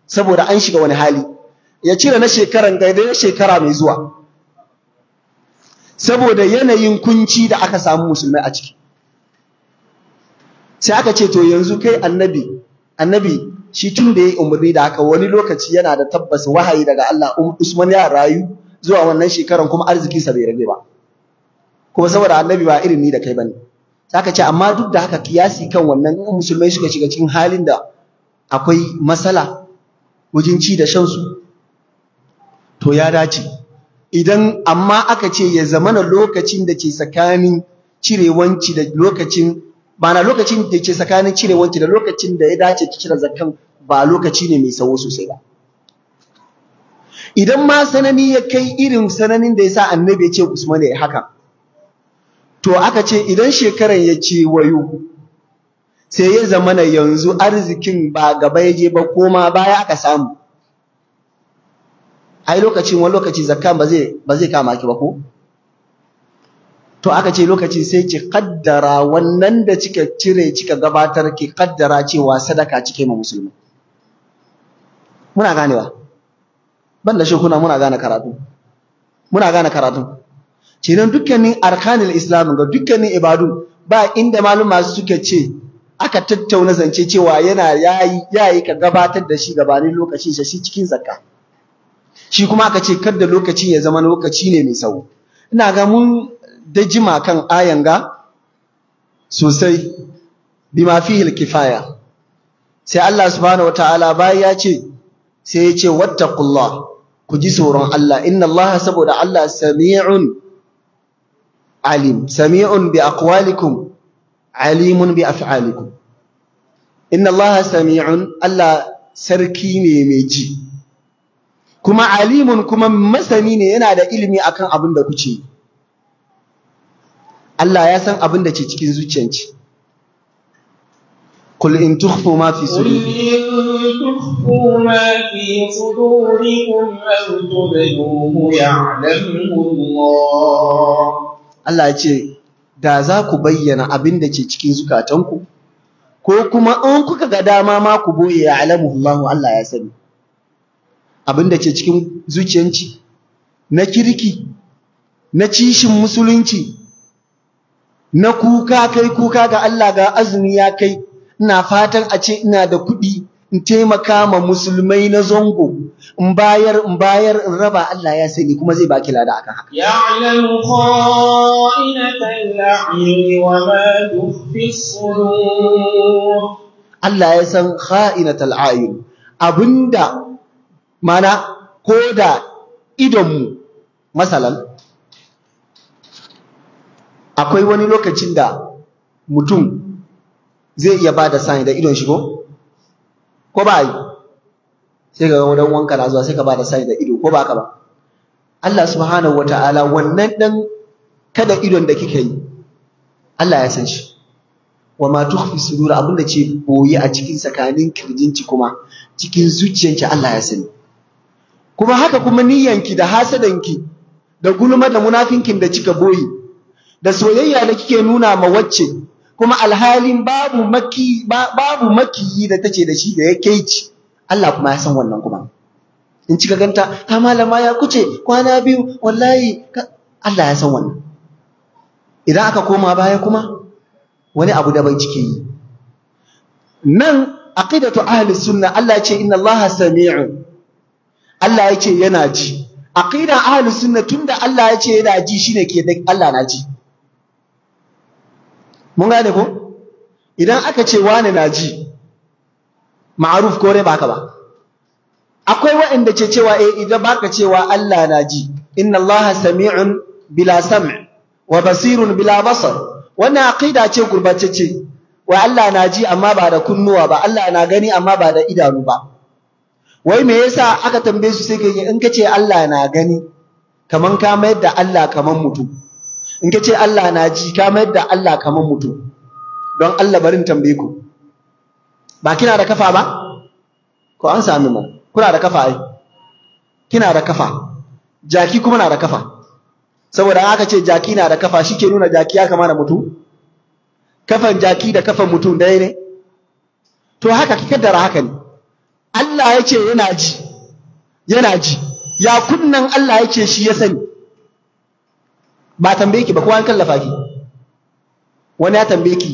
saboda an shiga wani hali ya cire na shekaran gaida na shekara mai zuwa saboda yanayin kunci da aka samu musulmai a ciki sai aka ce to yanzu kai annabi annabi shi tun da ya yi umarni da haka wani lokaci yana da tabbas wahayi daga Allah um, Usman ya rayu zuwa wannan shekaran kuma arzikinsa bai rage ba kuma saboda annabi ba irin ni da kai bane zaka ce amma duk da haka kiyasi kan wannan in musulmai suka shiga cikin halin da akwai matsala wajen ci da shan su to ya dace idan amma aka ce ya zamana lokacin da ke tsakanin cirewanci da lokacin na lokacin da ke tsakanin cirewanci da lokacin da ya dace ki cire zakkan ba lokaci ne mai tsawo sosai ba idan ma sanani ya kai irin sananin da yasa annabi ya ce Usman ya haka to aka ce idan shekaran ya wayo sai ya zama na yanzu arzikin ba gaba ya je ba koma baya aka samu ai lokacin wani lokaci zakkan ba zai kama ki ba ko to aka ce lokaci sai ki kaddara wannan da kika cire kika gabatar ki kaddara cewa sadaka cike ma musulmi muna ganewa ban da shi kuna muna gane karatu muna gane karatu kenan dukkanin arkanil islam ga dukkanin ibadu ba inda maluma suke ce aka tattauna zance cewa yana yayi yayi ka gabatar da shi gabanin lokacin shi cikin zakka shi kuma aka ce kada lokaci ya zama lokaci ne mai tsawo ina ga mun dajima kan ayan ga sosai bima fihi kifaya sai Allah subhanahu wataala bai ya ce sai ya ce wattaqullah ku ji tsoron Allah inna Allah saboda Allah sami'un alim sami'un bi aqwalikum alimun bi af'alikum inna allaha sami'un allah sarki ne mai ji kuma alimun kuma masani ne yana da ilimi akan abin da kuke Allah ya san abin da ke cikin zuciyanci قل إن تخفوا ما في صدوركم ما في صدوركم أو تبدوه يعلمه الله Allah ya ce da za ku bayyana abin da ke cikin zukatanku ko kuma in kuka ga dama ma ku boye ya alamu Allah Allah ya sani abin da ke cikin zuciyanci na kirki na cishin musulunci na kuka kai kuka ga Allah ga azumi ya kai ina fatan a ce ina da kuɗi in taimaka ma musulmai na zango in bayar in bayar in raba Allah ya sani kuma zai baki lada akan haka ya'lamu kha'ina al'ayni wa ma tukhfi sudur Allah ya san kha'inatal al'ayn abinda mana koda idonmu masalan akwai wani lokacin da mutum zai iya bada sani da idon shi ko ko ba yi sai ka ga wanka na zuwa sai ka ba da sai da ido ko ba ka ba Allah subhanahu wataala wannan dan kada idon da kike yi Allah ya san shi wa ma tukhfi sudur abinda ce boye a cikin tsakanin kirjinki kuma cikin zuciyanki Allah ya sani kuma haka kuma niyyanki da hasadanki da gulma da munafinkin da kika boye da soyayya da kike nuna ma wacce kuma alhalin babu maki babu makiyi da tace da shi da yake ci Allah kuma ya san wannan kuma in cika ganta ta malama ya kuce kwana biyu wallahi Allah ya san wannan idan aka koma baya kuma wani abu da bai cike yi nan aqidatu ahli sunna Allah ya ce inna Allah sami'u Allah ya ce yana ji aqida ahli sunna tunda Allah ya ce yana ji shine ke Allah na ji mun gane ko idan aka ce wani na ji ma'aruf ko rai baka ba akwai waɗanda ce cewa eh idan baka cewa Allah na ji inna Allah sami'un bila sam' wa basirun bila basar wannan aqida ce gurbatacce wa Allah na ji amma ba da kunnuwa ba Allah na gani amma ba da idanu ba wai me yasa aka tambaye su sai in kace Allah na gani kaman ka mayar da Allah kaman mutum in ka ce Allah na ji ka mayar da Allah kamar mutum don Allah barin tambaye ku ba kina da kafa ba ko an sami mu kuna da kafa ai kina da kafa jaki kuma na da kafa saboda aka ce jaki na da kafa shike nuna jaki ya kama da mutum kafan jaki da kafan mutum ɗaya ne to haka ki kaddara haka ne Allah ya ce yana ji yana ji ya kunnan Allah ya ce shi ya sani ba tambaye ki ba kowa an kallafa ki wani ya tambaye ki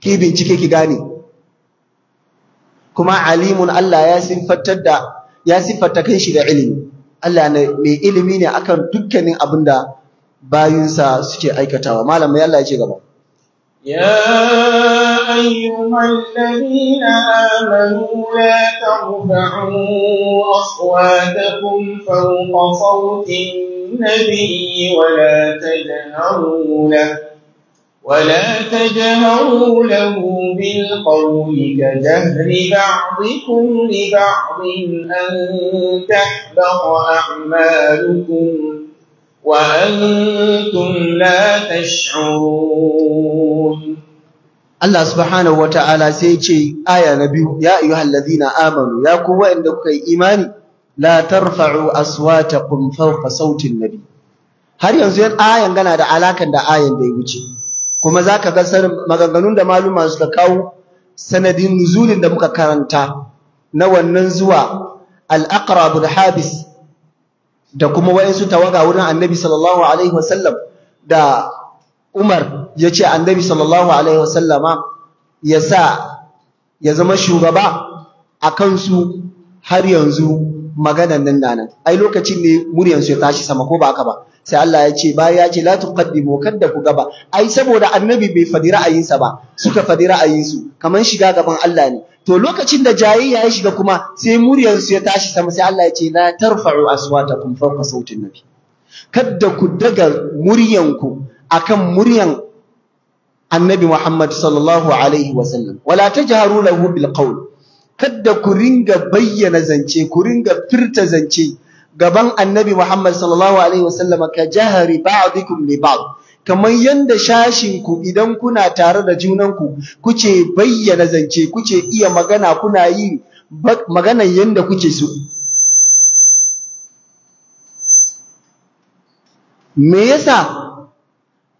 ki bincike ki gane kuma alimun Allah ya sifatar da ya siffata kanshi da ilimi Allah ne mai ilimi ne akan dukkanin abin da bayinsa suke aikatawa malam mai Allah ya ce gaba يا أيها الذين آمنوا لا ترفعوا أصواتكم فوق صوت النبي ولا تجهروا له ولا تجهروا له بالقول كجهر بعضكم لبعض أن تحبط أعمالكم وأنتم لا تشعرون الله سبحانه وتعالى سيجي آية نبي يا أيها الذين آمنوا يا قوة إن إيماني la tarfa'u aswatakum fawqa sautin nabi har yanzu ayan gana da alakan da ayan da ya wuce kuma zaka ga maganganun da maluma suka kawo sanadin nuzulin da muka karanta na wannan zuwa al-aqrabul habis da kuma wayansu tawaga wurin annabi sallallahu alaihi wasallam da Umar ya ce annabi sallallahu alaihi wasallama ya sa ya zama shugaba a kansu har yanzu maganan nan da nan ai lokacin ne muryan su ya tashi sama ko ba haka ba sai Allah ya ce baya ya ce la tuqaddimu kadda ku gaba ai saboda annabi bai fadi ra'ayinsa ba suka fadi ra'ayinsu kaman shiga gaban Allah ne to lokacin da jayayya ya shiga kuma sai muryan su ya tashi sama sai Allah ya ce la tarfa'u aswatakum fawqa sautin nabi kadda ku daga muryanku akan muryan annabi Muhammad sallallahu alaihi wasallam wala tajharu lahu bil qawl kada ku ringa bayyana zance ku ringa firta zance gaban annabi Muhammad sallallahu alaihi wasallama ka jahari ba'dikum li ba'd kamar yanda shashin ku idan kuna tare da junan ku kuce bayyana zance kuce iya magana kuna yi magana yanda kuke so me yasa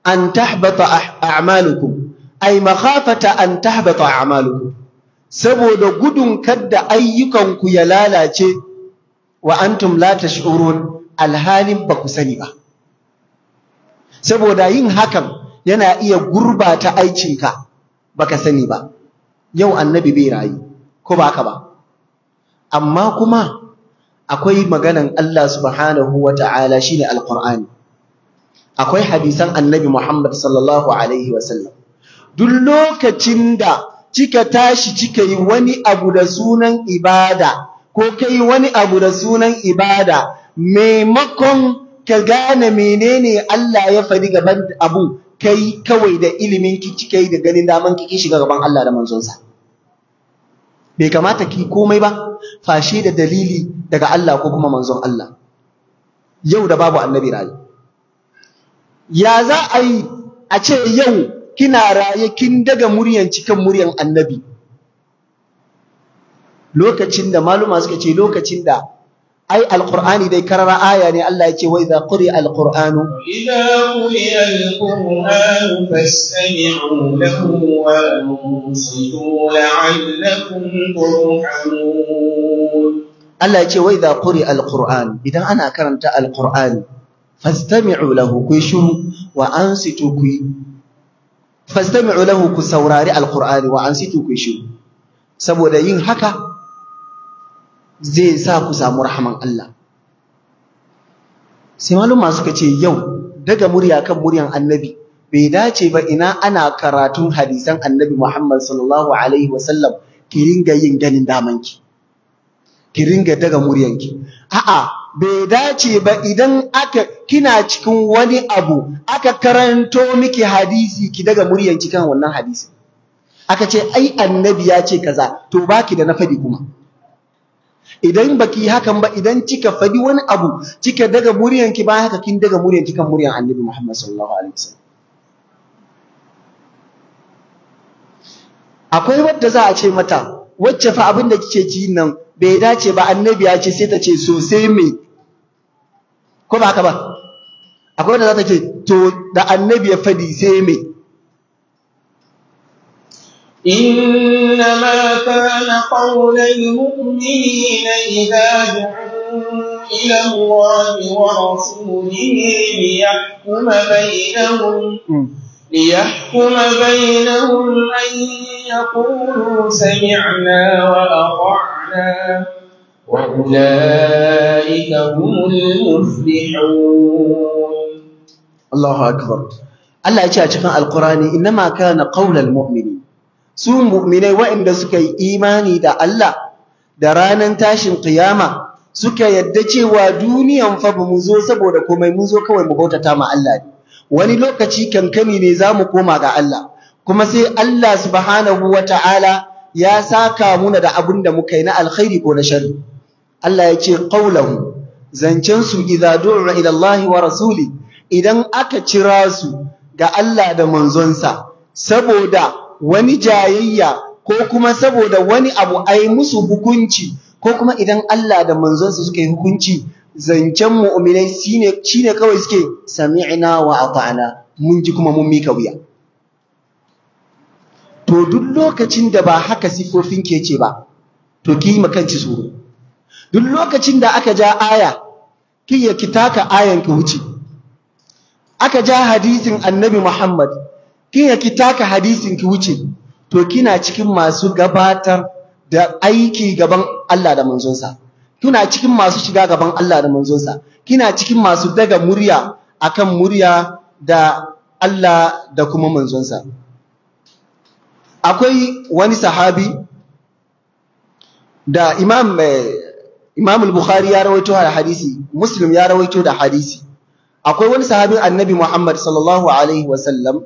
an tahbata a'malukum ay makhafata an tahbata a'malukum saboda gudun kadda ayyukanku ya lalace wa antum la tash'urun alhalin ba ku sani ba saboda yin hakan yana iya gurbata aikinka ka sani ba yau annabi bai rayu ko ba ka ba amma kuma akwai maganan Allah subhanahu wa ta'ala shine alqur'ani akwai hadisan annabi Muhammad sallallahu alaihi wa duk lokacin da kika tashi kika yi wani abu da sunan ibada ko kai wani abu da sunan ibada maimakon ka gane menene Allah ya faɗi gaban abu kai kawai da ilimin ki kika yi da ganin daman ki shiga gaban Allah da manzonsa bai kamata ki komai ba fashe da dalili daga Allah ko kuma manzon Allah yau da babu annabi rayu ya za a yi a ce yau kina raye kin daga muryan cikin muryan annabi lokacin da maluma suka ce lokacin da ai alqur'ani dai karara aya ne Allah ya ce wa idza quri alqur'anu ila quri alqur'anu fasami'u lahu wa ansitu la'allakum turhamun Allah ya ce wa idza quri alqur'an idan ana karanta alqur'ani fastami'u lahu ku shiru wa ansitu ku fastami'u lahu ku saurari alqur'ani wa ansitu ku shi saboda yin haka zai sa ku samu rahman Allah sai malum suka ce yau daga murya kan muryan annabi bai dace ba ina ana karatun hadisan annabi Muhammad sallallahu alaihi wasallam ki ringa yin ganin damanki ki ringa daga muryanki a'a bai dace ba idan aka kina cikin wani abu aka karanto miki hadisi ki daga muryan cikin wannan hadisi aka ce ai annabi ya ce kaza to baki da na fadi kuma idan baki hakan ba idan kika fadi wani abu kika daga muryan ki ba haka kin daga muryan kikan muryan annabi Muhammad sallallahu alaihi wasallam akwai wadda za a ce mata wacce fa abin da kike ji nan bai dace ba annabi ya ce sai ta ce so sai ko ba haka ba akwai wanda za ta ce to da annabi ya fadi sai me إنما كان قول المؤمنين إذا دعوا إلى الله ورسوله ليحكم بينهم ليحكم بينهم أن يقولوا سمعنا وأطعنا وأولئك هم المفلحون الله Allah ya ce a cikin Alkurani innama kana qaulal mu'mini su mu'minai waɗanda suka yi imani da Allah da ranan tashin kiyama suka yadda cewa duniyan fa mu zo saboda komai mun zo kawai mu bautata ma Allah ne wani lokaci kankani ne zamu koma ga Allah kuma sai Allah subhanahu wata'ala ya saka muna da abin da muka yi na alkhairi ko na sharri Allah ya ce ƙaulahu, zancen su idza du'a Allah wa rasuli idan aka cira su ga Allah da manzonsa saboda wani jayayya ko kuma saboda wani abu ai musu hukunci ko kuma idan Allah da manzonsa suka yi hukunci zancen mu'minai shine shine kawai suke sami'na wa ata'na mun ji kuma mun mika wuya to duk lokacin da ba haka sifofin ke ce ba to ki makanci tsoro duk lokacin da aka ja aya kiyya ki taka ayan ki wuce aka ja hadisin annabi Muhammad kiyya ki taka hadisin ki wuce to kina cikin masu gabatar da aiki gaban Allah da manzonsa kina cikin masu shiga gaban Allah da manzonsa kina cikin masu daga murya akan murya da Allah da kuma manzonsa akwai wani sahabi da imam eh, Imam Bukhari ya rawaito da hadisi, Muslim ya rawaito da hadisi. Akwai wani sahabin Annabi Muhammad sallallahu alaihi wasallam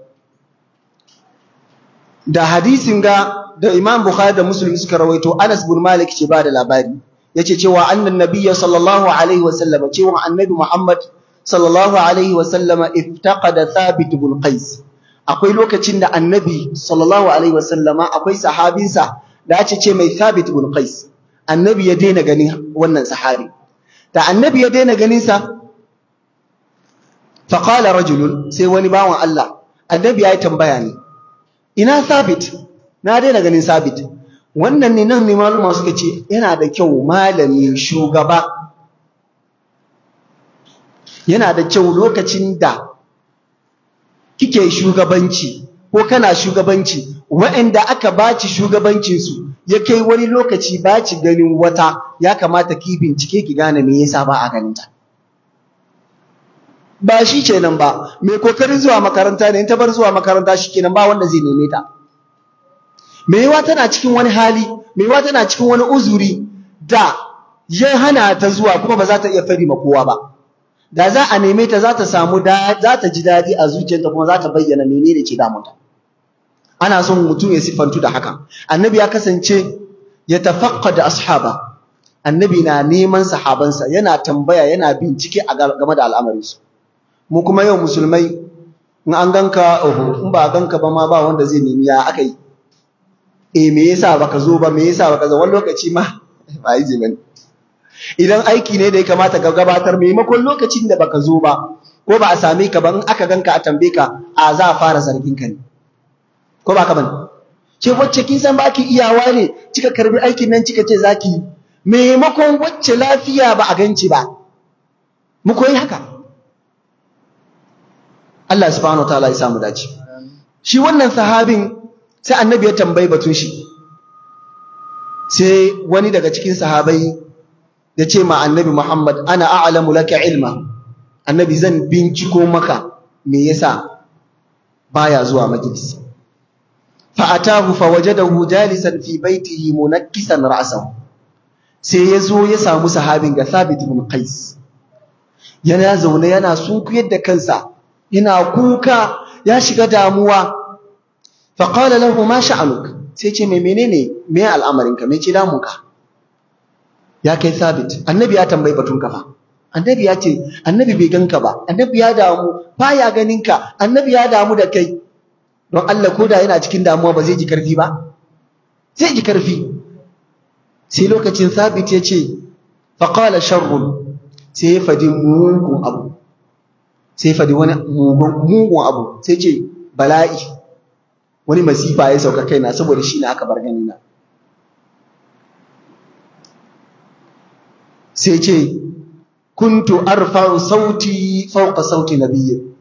da hadisin ga da Imam Bukhari da Muslim suka rawaito Anas bin Malik ce ba da labari. Yace cewa annan nabiyya sallallahu alaihi wasallam cewa Annabi Muhammad sallallahu alaihi wasallam iftaqada Thabit bin Qais. Akwai lokacin da Annabi sallallahu alaihi wasallama akwai sahabinsa da ake ce mai Thabit bin Qais. annabi ya daina ganin wannan sahari da annabi ya daina ganin fa faƙala rajulun sai wani bawan Allah annabi ya yi tambaya ne ina sabit na daina ganin sabit wannan ne nan ne maluma suka ce yana da kyau malami shugaba yana da kyau lokacin da kike shugabanci ko kana shugabanci wa'anda aka baci shugabancinsu ya kai wani lokaci baci ganin wata ya kamata ki bincike ki gane me yasa ba a ganin ta ba shi kenan ba mai kokarin zuwa makaranta ne in ta bar zuwa makaranta shi kenan ba wanda zai neme ta maiwa tana cikin wani hali maiwa tana cikin wani uzuri da ya hana ta zuwa kuma ba za ta iya fari ma kowa ba da za a neme ta za ta samu za ta ji daɗi a zuciyarta kuma za ta bayyana menene ce damunta ana son mutum ya sifantu da haka annabi ya kasance ya da ashaba annabi na neman sahabansa yana tambaya yana bincike a game da al'amarinsu mu kuma yau musulmai in an ganka oho in ba ganka ba ma ba wanda zai nemi ya aka yi eh me yasa baka zo ba me yasa baka zo wani lokaci ma ba yi bane idan aiki ne da ya kamata ka gabatar maimakon lokacin da baka zo ba ko ba a same ka ba in aka ganka a tambaye ka a za a fara zargin ka ne ko ba ka bane ce wacce kin san baki iyawa ne kika karbi aikin nan kika ce zaki maimakon wacce lafiya ba a ganci ba mu koyi haka Allah subhanahu wataala ya samu dace shi wannan sahabin sai annabi ya tambayi batun shi sai wani daga cikin sahabai ya ce ma annabi Muhammad ana a'lamu laka ilma annabi zan binciko maka me yasa baya zuwa majalisa Fa fa'atahu fawajadahu jalisan fi baitihi munakkisan ra'sahu sai ya zo ya samu sahabin ga Thabit ibn Qais yana zaune yana sunkuyar yadda kansa yana kuka ya shiga damuwa fa qala lahu ma sha'anuk sai ce me menene me al'amarin ka, me ce ka? ya kai sabit, annabi ya tambayi batun kafa annabi ya ce annabi bai ganka ba annabi ya damu fa ya ganin ka annabi ya damu da kai don Allah ko da yana cikin damuwa ba zai ji karfi ba zai ji karfi sai lokacin sabit ya ce faƙala sharrun sai ya faɗi mugun abu sai faɗi wani mugun abu sai ce bala'i wani masifa ya sauka kaina saboda shi ne aka bar gani na sai ce kuntu arfa sauti fauka sauti nabiyyin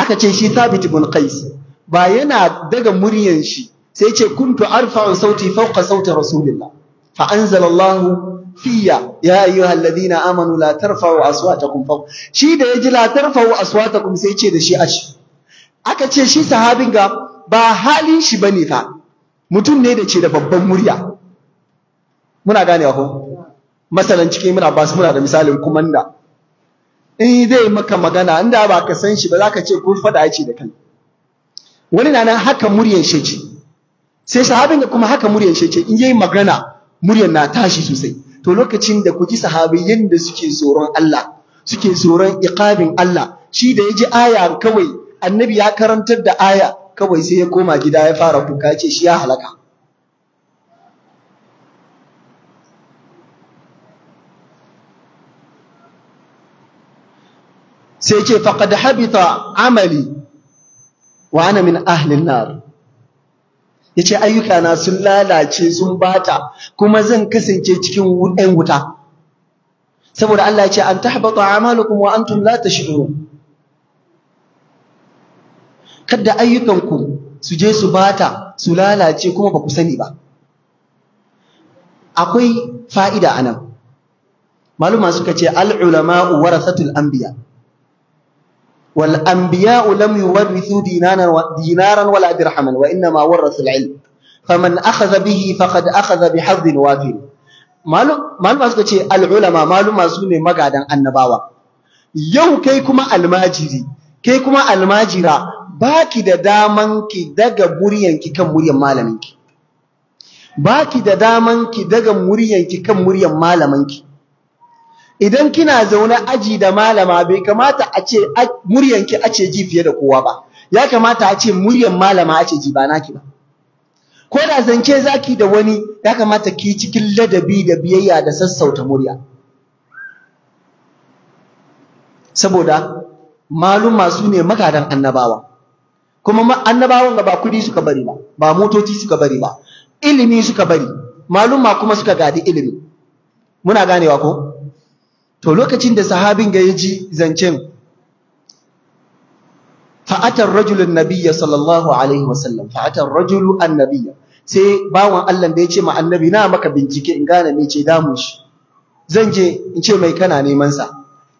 aka ce shi Thabit ibn Qais ba yana daga muryan shi sai ce kuntu arfa'u sauti fawqa sauti rasulillah fa anzalallahu fiyya ya ayyuhal ladina amanu la tarfa'u aswatakum fawqa shi da yaji la tarfa'u aswatakum sai ce da shi ash aka ce shi sahabin ga ba halin shi bane fa mutum ne da ce da babban murya muna ganewa ko masalan cikin muna basu muna da misalin kumanda in zai maka magana inda ba ka san shi ba za ka ce kun fada yace da kai wani na nan haka muryan shi ce sai sahabin da kuma haka muryan shi ce in yi magana muryan na tashi sosai to lokacin da ku ji sahabi yanda suke tsoron Allah suke tsoron ikabin Allah shi da yaji ji aya kawai annabi ya karantar da aya kawai sai ya koma gida ya fara kuka ce shi ya halaka sai ce faqad habita amali wa ana min ahlin nar yace ayyukana sun lalace sun bata kuma zan kasance cikin ɗan wuta saboda Allah ya ce an tahbata amalukum wa antum la tashuru kada ayyukanku su je su bata su lalace kuma ba ku sani ba akwai fa'ida anan maluma suka ce al ulama warasatul anbiya' والأنبياء لم يورثوا دينارا دينارا ولا درهما وإنما ورثوا العلم فمن أخذ به فقد أخذ بحظ وافر maluma suka ce al'ulama maluma su ne magadan annabawa yau kai kuma kuma almajira baki da daman ki daga da daman ki daga muryarki kan muryan malaminki idan kina zaune aji da malama bai kamata a ce muryanki a ce ji fiye da kowa ba ya kamata a ce muryan malama a ce ji ba naki ba ko da zance zaki da wani ya kamata ki cikin ladabi da biyayya da sassauta murya saboda maluma su ne magadan annabawa kuma annabawan ga ba kudi suka bari ba ba motoci suka bari ba ilimi suka bari maluma kuma suka gadi ilimi muna ganewa ko to lokacin da sahabin ga ya ji zancen fa'atar rajulun nabiyya sallallahu alaihi wasallam fa'atar rajulu annabiyya sai bawan Allah da ya ce ma annabi na maka bincike in gane me ce damun shi zan je in ce mai kana neman sa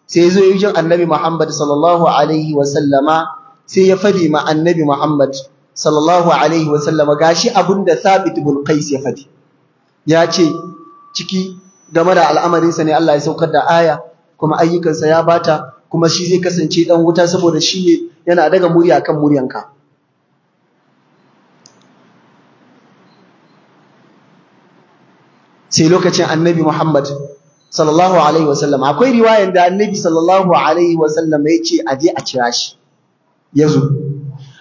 sai zo yi jin annabi Muhammad sallallahu alaihi wasallama sai ya fadi ma annabi Muhammad sallallahu alaihi wasallama gashi abinda da bin Qais ya fadi ya ce ciki game da al'amarinsa ne Allah ya saukar da aya kuma ayyukansa ya bata kuma shi zai kasance dan wuta saboda shi ne yana daga murya kan muryanka sai lokacin annabi Muhammad sallallahu alaihi wasallam akwai riwayan da annabi sallallahu alaihi wasallam ya ce aje a cira shi ya zo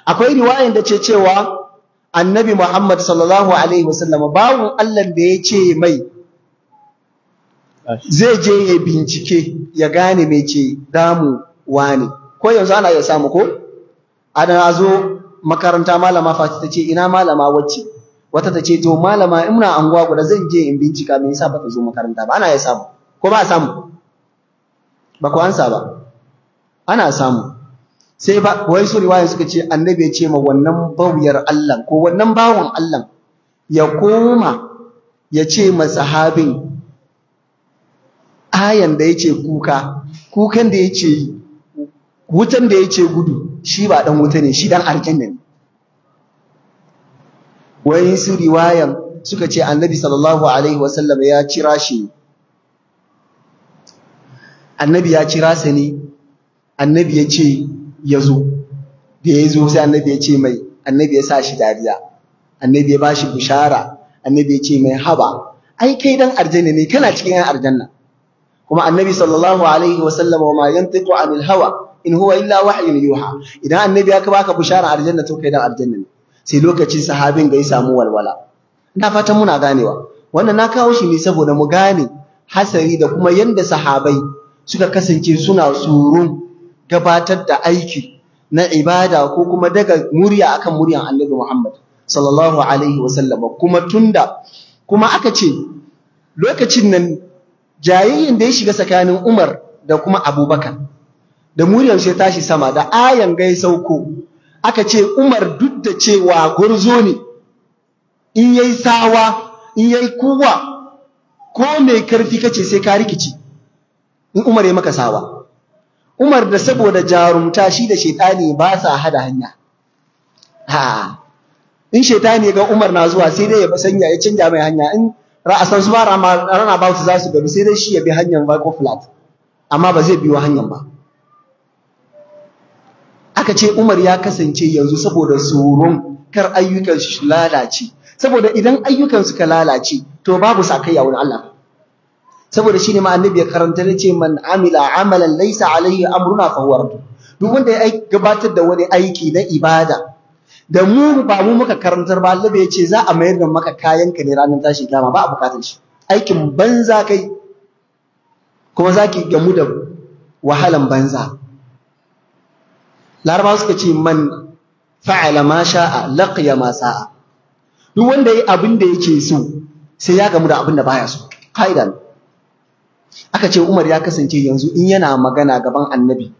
akwai riwayan da ce cewa annabi Muhammad sallallahu alaihi wasallam bawun Allah da ya ce mai zai je ya bincike ya gane me ce damu wani ko yanzu ana iya samu ko adana zo makaranta malama fati ta ce ina malama wacce wata ta ce to malama ina anguwa guda zan je in bincika me yasa bata zo makaranta ba ana iya samu ko ba samu ba ku ansa ba ana samu sai ba wai su riwaya suka ce annabi ya ce ma wannan bawuyar Allah ko wannan bawan Allah ya koma ya ce ma sahabin Kayan da yake kuka kukan da yake yi wutan da yake gudu shi ba dan wuta ne shi dan aljanna ne wai su riwayan suka ce annabi sallallahu alaihi wasallam ya kira shi annabi ya kira sa ne annabi ya ce ya zo da ya zo sai annabi ya ce mai annabi ya sa shi dariya annabi ya ba shi bushara annabi ya ce mai haba ai kai dan arjanna ne kana cikin yan arjanna kuma annabi sallallahu alaihi wa sallam wa ma yantiqu anil hawa in huwa illa wahyun yuha idan annabi ya aka baka bushara aljanna to kai dan aljanna sai lokacin sahabin ga ya samu walwala ina fatan muna ganewa wannan na kawo shi ne saboda mu gane hasari da kuma yanda sahabai suka kasance suna surun gabatar da aiki na ibada ko kuma daga murya akan muryan annabi Muhammad sallallahu alaihi wasallam kuma tunda kuma aka ce lokacin nan jayayyin da ya shiga tsakanin Umar da kuma Abubakar da muryar sai tashi sama da ayan gai sauko aka ce Umar duk da cewa gurzo ne in yayi sawa in yayi kuwa ko mai karfi kace sai ka rikici in Umar ya maka sawa Umar da saboda jarumta shi da shaitani ba sa hada hanya ha in shaitani ga Umar na zuwa sai dai ya sanya ya canja mai hanya in ra'asan su ba rana ba su za su gabi sai dai shi ya bi hanyar bako flat amma ba zai biyo hanyar ba aka ce Umar ya kasance yanzu saboda tsoron kar ayyukan su lalace saboda idan ayyukan suka lalace to babu sakai a wani Allah saboda shi ne ma annabi ya karanta ya ce man amila amalan laysa alaihi amruna fa huwa duk wanda ya gabatar da wani aiki na ibada da mu ba mu muka karantar ba Allah ya ce za a mayar da maka kayan ka ne ranar tashi kiyama ba a bukatar shi aikin banza kai kuma zaki gamu da wahalan banza Laraba suka ce man fa'ala ma sha'a laqiya ma sa'a duk wanda yi abin da yake so sai ya gamu da abin da baya so kaida aka ce Umar ya kasance yanzu in yana magana gaban Annabi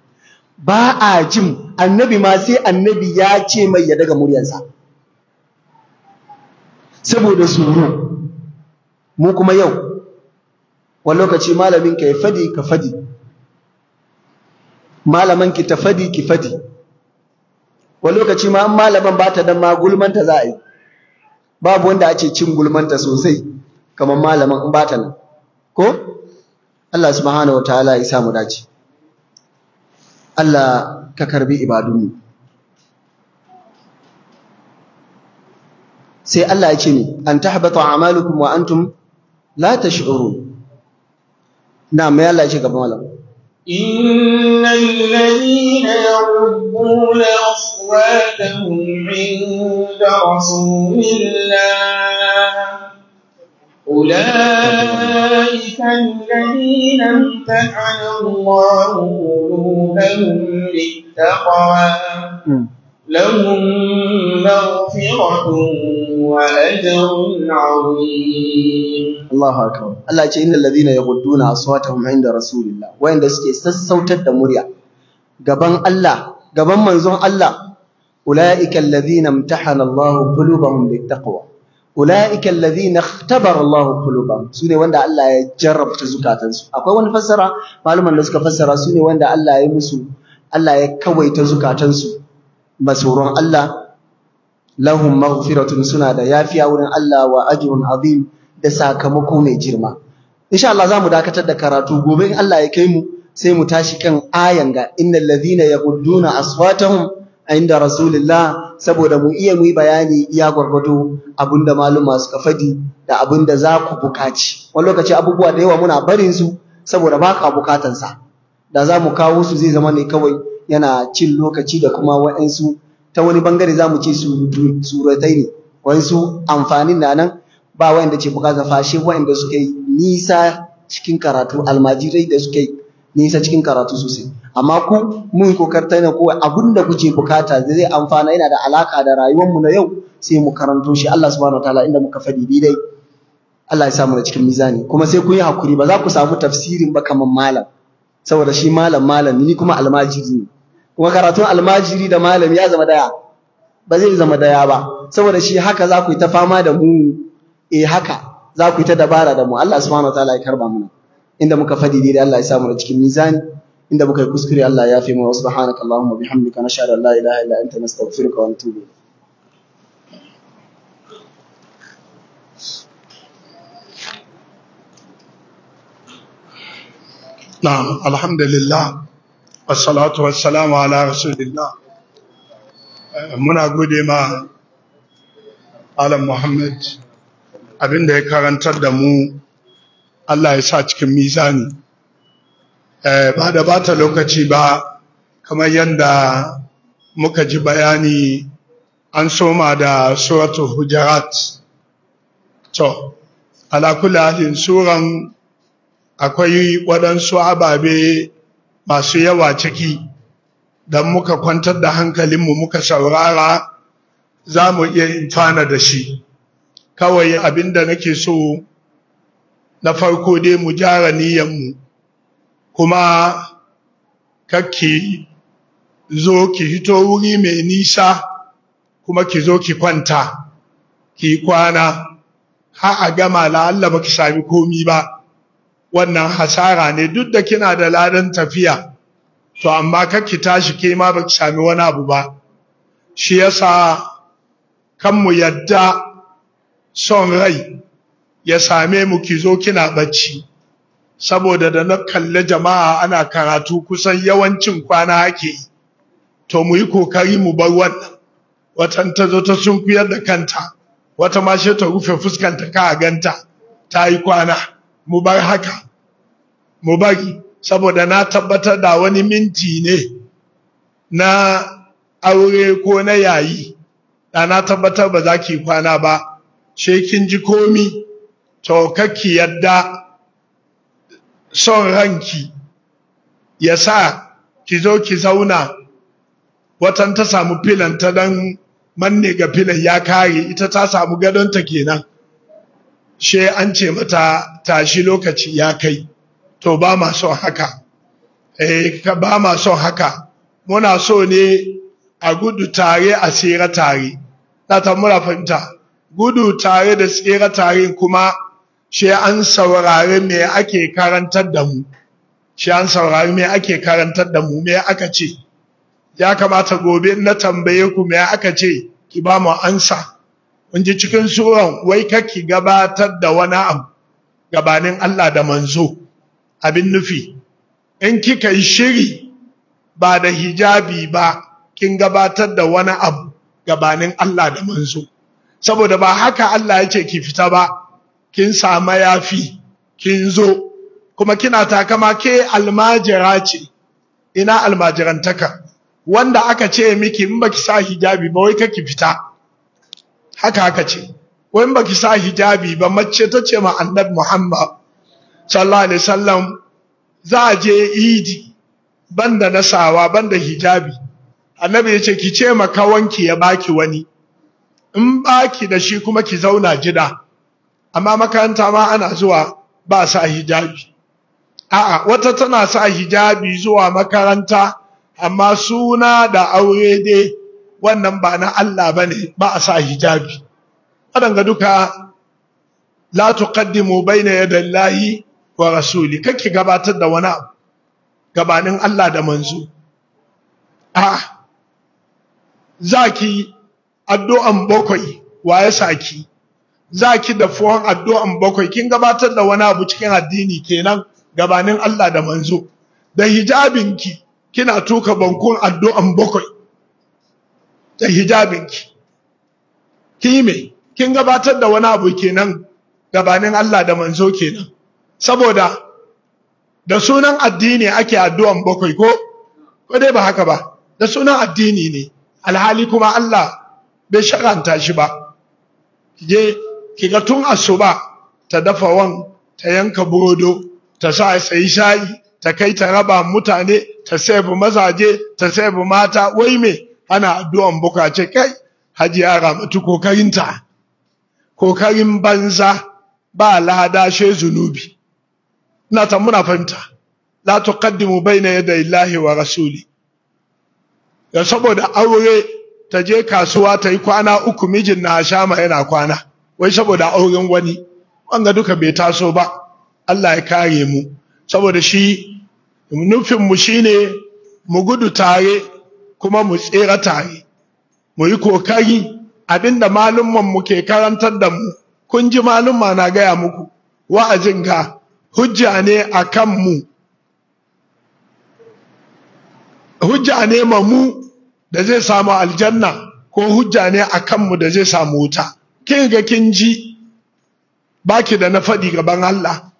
ba a jin annabi ma sai annabi ya ce mai ya daga muryarsa saboda tsoro mu kuma yau wani lokaci malamin ka ya fadi ka fadi malaman ki ta fadi ki fadi wani lokaci ma an malaman ba ta dan ma gulmanta za a yi babu wanda a ce cin gulmanta sosai kamar malaman in ba ta nan ko Allah subhanahu wa ta'ala ya sa mu dace Allah ka karbi ibadunmu sai Allah ya ce ni an tahbata a'malukum wa antum la tash'urun na mai Allah ya ce gaba malam إن الذين يغضون أصواتهم عند رسول الله أولئك الذين امتحن الله قلوبهم للتقوى لهم مغفرة وأجر عظيم الله أكبر الله يقول إن الذين يغضون أصواتهم عند رسول الله وإن دسكي سسوتت مريا gaban Allah gaban manzon Allah ulaika alladhina imtahana Allah qulubahum littaqwa ula'ikan lazi na tabar Allah kuluba su wanda Allah ya jarrabta zukatansu akwai wani fassara Malaman da suka fassara su ne wanda Allah ya musu Allah ya kawai ta zukatansu masoron Allah lahum maghfiratun suna da yafiya wurin Allah wa ajrun azim da sakamako mai jirma. insha Allah zamu dakatar da karatu gobe in Allah ya kai mu sai mu tashi kan ayan ga innal ladhina yaghudduna aswatahum inda rasulillah saboda mu iya mu bayani iya gwargwado abin da maluma suka faɗi da abin da za ku bukaci wani lokaci abubuwa da yawa muna barin su saboda ba ka sa. da za mu kawo su zai zama ne kawai yana cin lokaci da kuma wa'insu ta wani bangare za mu ce suratai ne Wasu amfanin na nan ba wanda ce bukata fashe wanda suka yi nisa cikin karatu almajirai da suka yi nisa cikin karatu sosai amma ku mun kokarta ne ko abin da kuke bukata zai amfana yana da alaka da rayuwarmu na yau sai mu karanto shi Allah subhanahu wataala inda muka faɗi dai Allah ya samu da cikin mizani kuma sai kun yi hakuri ba za ku samu tafsirin ba kamar malam saboda shi malam malam ni kuma almajiri ne kuma karatun almajiri da malam ya zama daya ba zai zama daya ba saboda shi haka za ku yi ta fama da mu eh haka za ku yi ta dabara da mu Allah subhanahu wataala ya karba mana inda muka faɗi dai Allah ya samu da cikin mizani inda muka yi kuskure Allah ya fi mu subhanaka allahumma bihamdika nashhadu an la ilaha illa anta nastaghfiruka wa natubu ilayk نعم الحمد لله والصلاة والسلام على رسول الله muna gode ma Alam Muhammad abinda ya karantar da mu Allah ya sa cikin mizani Eh, ba da bata lokaci ba kamar yadda muka ji bayani an soma da suratul hujarat to alakullalin suran akwai waɗansu ababe masu yawa ciki don muka kwantar da hankalinmu muka saurara za mu iya imfana da shi kawai abinda nake so na farko dai mu gyara mu. kuma kakki zo ki hito wuri mai nisa kuma ki zo ki kwanta ki kwana har a gama la'alla ba ki sami komi ba wannan hasara ne duk da kina da ladan tafiya to amma kakki tashi ke ma ba ki sami wani abu ba shi yasa kan mu yadda son rai ya same mu ki zo kina bacci saboda da na kalle jama'a ana karatu kusan yawancin kwana ake yi to mu yi kokari mu bar wannan watan ta zo ta sunkuyar da kanta wata ma ta rufe fuskanta ka ganta ta yi kwana mu bar haka mu bari saboda na tabbatar da wani minti ne na aure ko na yayi da na tabbatar ba za ki kwana ba kin ji komi to kakki yadda son ranki ya sa ki zo ki zauna watan ta samu filan ta dan manne ga filan ya kare ita ta samu gadonta kenan she an ce mata tashi lokaci ya kai to ba ma son haka eh ka ba ma son haka muna so ne a gudu tare a tsira tare ta muna fahimta gudu tare da tsira tare kuma shi an saurari me ake karantar da mu shi an saurari me ake karantar da mu me aka ce ya kamata gobe na tambaye ku me aka ce ki ba mu ansa mun ji cikin suran wai kake gabatar da wani abu gabanin Allah da manzo abin nufi in kika yi shiri ba da hijabi ba kin gabatar da wani abu gabanin Allah da manzo saboda ba haka Allah yake ki fita ba kin sama yafi kin zo kuma kina takama ke almajira ce ina almajirantaka wanda aka ce miki in baki sa hijabi ba wai kake fita haka haka ce wai in baki sa hijabi ba mace ta ce ma annabi Muhammad sallallahu alaihi wasallam za a je idi banda na sawa banda hijabi annabi yace ki ce ma kawanki ya baki wani in baki da shi kuma ki zauna jida amma makaranta ma ana zuwa ba sa hijabi a'a wata tana sa hijabi zuwa makaranta amma suna da aure dai wannan ba na Allah bane ba a sa hijabi adanga duka la tuqaddimu bayna yadallahi wa rasuli kake gabatar da wani gabanin Allah da manzo a zaki addu'an bakwai wa ya saki zaki da fuhan addu'an bakwai kin gabatar da wani abu cikin addini kenan gabanin Allah da manzo da hijabinki kina tuka bankon addu'an bakwai da hijabinki ki me kin gabatar da wani abu kenan gabanin Allah da manzo kenan saboda da sunan addini ake addu'an bakwai ko ko dai ba haka ba da sunan addini ne alhali kuma Allah bai shakanta shi ba je kiga tun asuba ta dafa wan ta yanka burodo ta sa sai shayi ta kai ta raba mutane ta saibu mazaje ta saibu mata wai me ana addu'an bukace kai hajiya ramatu kokarinta kokarin banza ba lada she zunubi ina ta muna fahimta la tuqaddimu baina yaday illahi wa rasuli ya saboda aure ta je kasuwa ta yi kwana uku mijin na shama yana kwana wai saboda auren wani wanda duka bai taso ba Allah ya kare mu saboda shi nufin mu shine mu gudu tare kuma mu tsira tare mu yi kokari abinda malumman mu ke karantar da mu kun ji malumma na gaya muku wa'azin ga hujja ne akan mu hujja ne ma mu da zai samu aljanna ko hujja ne akan mu da zai samu wuta kin ga kin ji baki da na faɗi gaban Allah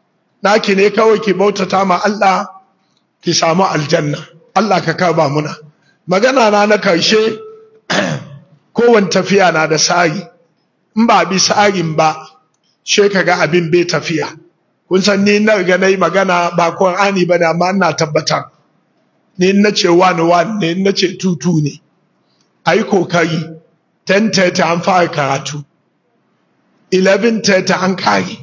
naki ne kawai ki bautata ma Allah ki samu aljanna Allah ka kaba muna magana na na karshe kowane tafiya na da sari in ba bi sarin ba she kaga abin bai tafiya kun san ni na ga nayi magana ba Qur'ani da amma ina tabbata ni na ce wani wani ne na ce tutu ne ayi kokari tantance an fara karatu 11:30 an kare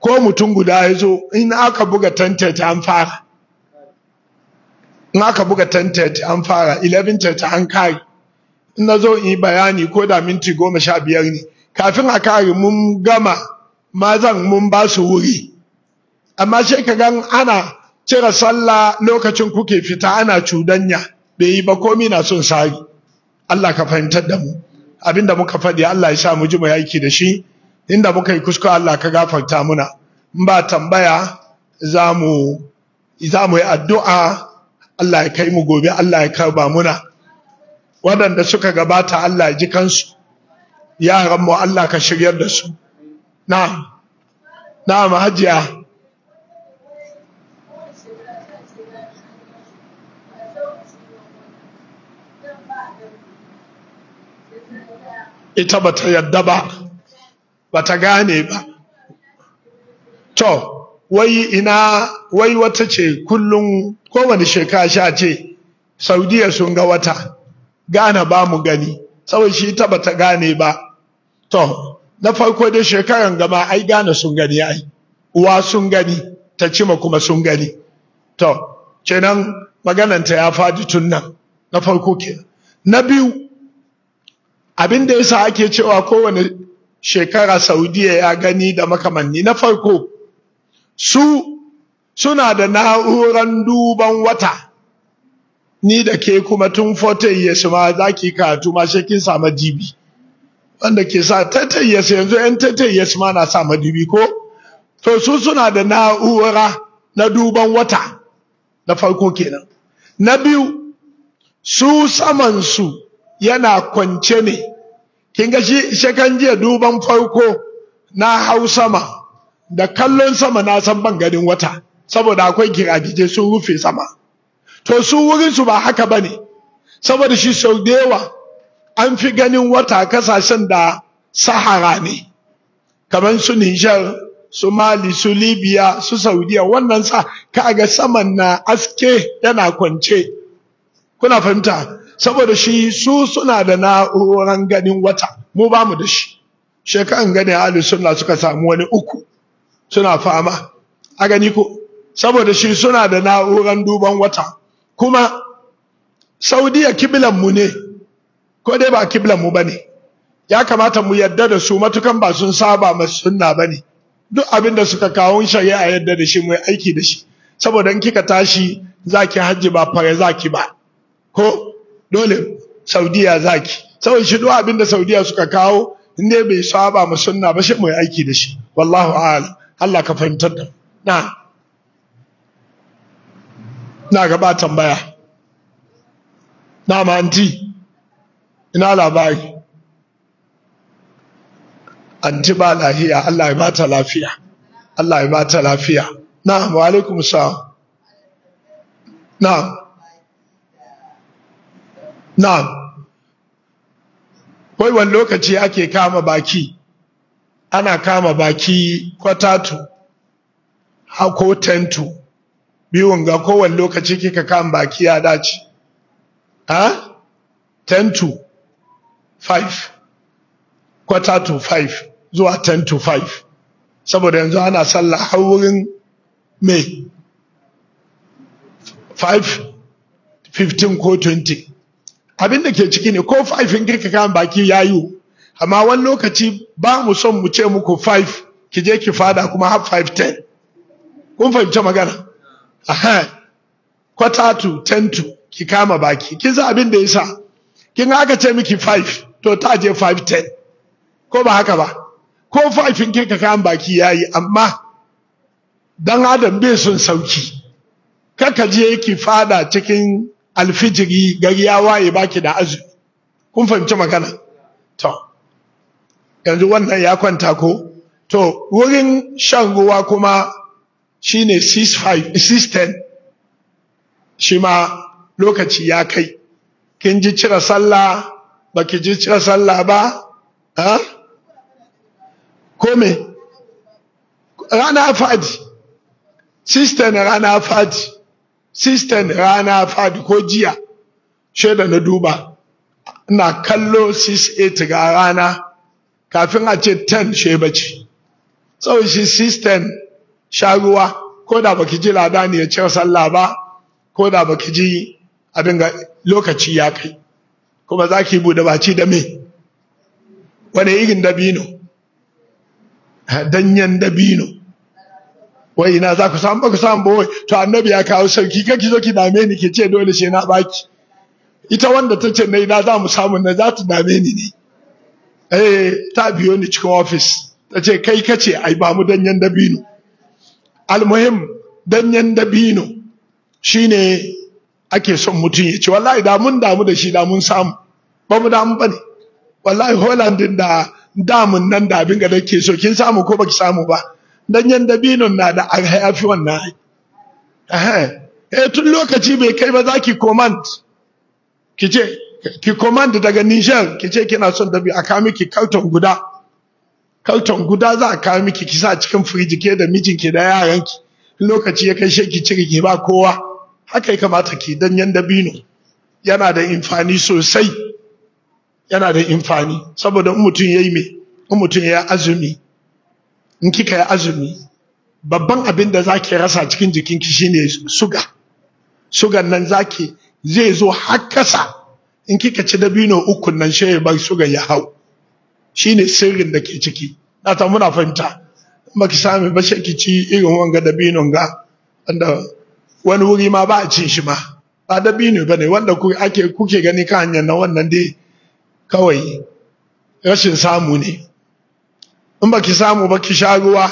ko mutum guda ya zo in aka buga 10:30 an fara in aka buga 10:30 an fara 11:30 an kare in na zo in yi bayani ko da minti goma sha biyar ne kafin a kare mun gama mazan mun ba su wuri amma shi ka gan ana cire sallah lokacin kuke fita ana cudanya bai yi ba komi na son sari Allah ka fahimtar da mu abinda muka faɗi Allah ya sa mu ji mu yaki da shi inda muka yi kuskure Allah ka gafarta muna in ba tambaya za mu za yi addu'a Allah ya kai mu gobe Allah ya karba muna waɗanda suka gabata Allah ya ji kansu yaran mu Allah ka shiryar da su Na na mahajiya ita bata yadda ba bata gane ba to wai ina wai wata ce kullum kowane shekara sha ce saudiya sun ga wata gana ba mu gani saboda shi ta bata gane ba to na farko dai shekaran gama ai gane sun gani ai uwa sun gani ta cima kuma sun gani to kenan magananta ya faɗi tun nan na farko kenan, na biyu abin da yasa ake cewa kowane shekara saudiya ya gani da makamanni na farko su suna da na'uran duban wata ni da ke kuma tun 40 years ma za ki karatu ma shi kin samu dibi wanda ke sa 30 years yanzu yan 30 years ma na samu dibi ko to su suna da na'ura na duban wata na farko kenan na biyu su samansu yana kwance ne kin ga shi shakan jiya duban farko na hau sama da kallon sama na san ban ganin wata saboda akwai girabije sun rufe sama to su wurin su ba haka bane saboda shi sau da yawa an fi ganin wata kasashen da sahara ne kamar su Nijar su Mali su Libya su Saudiya wannan sa ka ga saman na aske yana kwance kuna fahimta saboda shi su suna da na'uran ganin wata mu ba mu da shi shekaran gane ahli sunna suka samu wani uku suna fama a gani ko saboda shi suna da na'uran duban wata kuma saudiya kiblan mu ne ko dai ba kiblan mu bane ya kamata mu yadda da su matukan ba sun saba ma sunna bane duk abin da suka kawo shari'a yadda da shi mu aiki da shi saboda in kika tashi zaki hajji ba fare zaki ba ko dole saudiya zaki saboda shi duk abin da saudiya suka kawo in dai bai saba mu sunna ba shi mai aiki da shi wallahu a'lam Allah ka fahimtar da na na gaba tambaya na ma anti ina labari anti ba lafiya Allah ya ba ta lafiya Allah ya ba ta lafiya na wa alaikum salam na na wai wani lokaci ake kama baki ana kama baki kwatatu hako tentu biyun ga kowane lokaci kika kama baki ya dace ha tentu five, quarter five, zuwa 10 five, saboda yanzu ana sallah har wurin mai five, fifteen ko 20 abin da ke ciki ne ko five in kirka kan baki ya yi amma wani lokaci ba mu son mu ce muku five ki je ki fada kuma har five ten kun fahimci magana aha kwata to ten to ki kama baki kin san abin da yasa kin aka ce miki five to ta je five ten ko ba haka ba ko five in kirka kan baki ya yi amma dan adam bai son sauki kaka je ki fada cikin alfijiri gari ya waye baki da azumi kun fahimci magana to yanzu wannan ya kwanta ko to wurin shan ruwa kuma shine 610 shi ma lokaci ya kai kin ji cire sallah baki ji cire sallah ba ha ko me rana fadi 610 rana fadi sistan rana fadi ko jiya shaida na duba ina kallo 6-8 ga rana kafin a ce 10 she bace sau shi sistan sharuwa, ko da baki ji lada ne ya cire sallah ba ko da baki ji abin ga lokaci ya kai kuma za ki bude baci da me wani irin dabino danyen dabino wai ina za ku samu ba ku samu boy wai to annabi ya kawo sauki kake zo ki dame ni ke ce dole sai na baki ita wanda ta ce na ina za mu samu na za ta dame ni ne eh ta biyo ni cikin office ta ce kai kace ai ba mu danyen dabino almuhim danyen dabino shine ake son mutum ya ce wallahi da mun damu da shi da mun samu ba mu damu ba ne wallahi holland da damun nan da abin da ke so kin samu ko baki samu ba danyen dabino na da haifi wannan eh tun lokaci bai kai ba za ki command ki ce ki command daga Niger ki ce kina son dabi a kawo miki kalton guda kalton guda za a kawo miki ki sa cikin firiji ke da mijinki da yaranki lokaci ya kai ki cire ki ba kowa haka ya kamata ki danyen dabino yana da imfani sosai yana da imfani saboda in mutum ya yi me mutum ya azumi in kika yi azumi babban abin da zaki rasa cikin jikinki shine suga sugan nan zaki zai zo har kasa in kika ci dabino uku nan shi ya bar ya hau shine sirrin da ke ciki na ta muna fahimta baki sami ba ki ci irin wanga dabinon ga wanda wani wuri ma ba a cin shi ma ba dabino bane wanda ku ake kuke gani kan hanyar na wannan dai kawai rashin samu ne in baki samu ba ki sha ruwa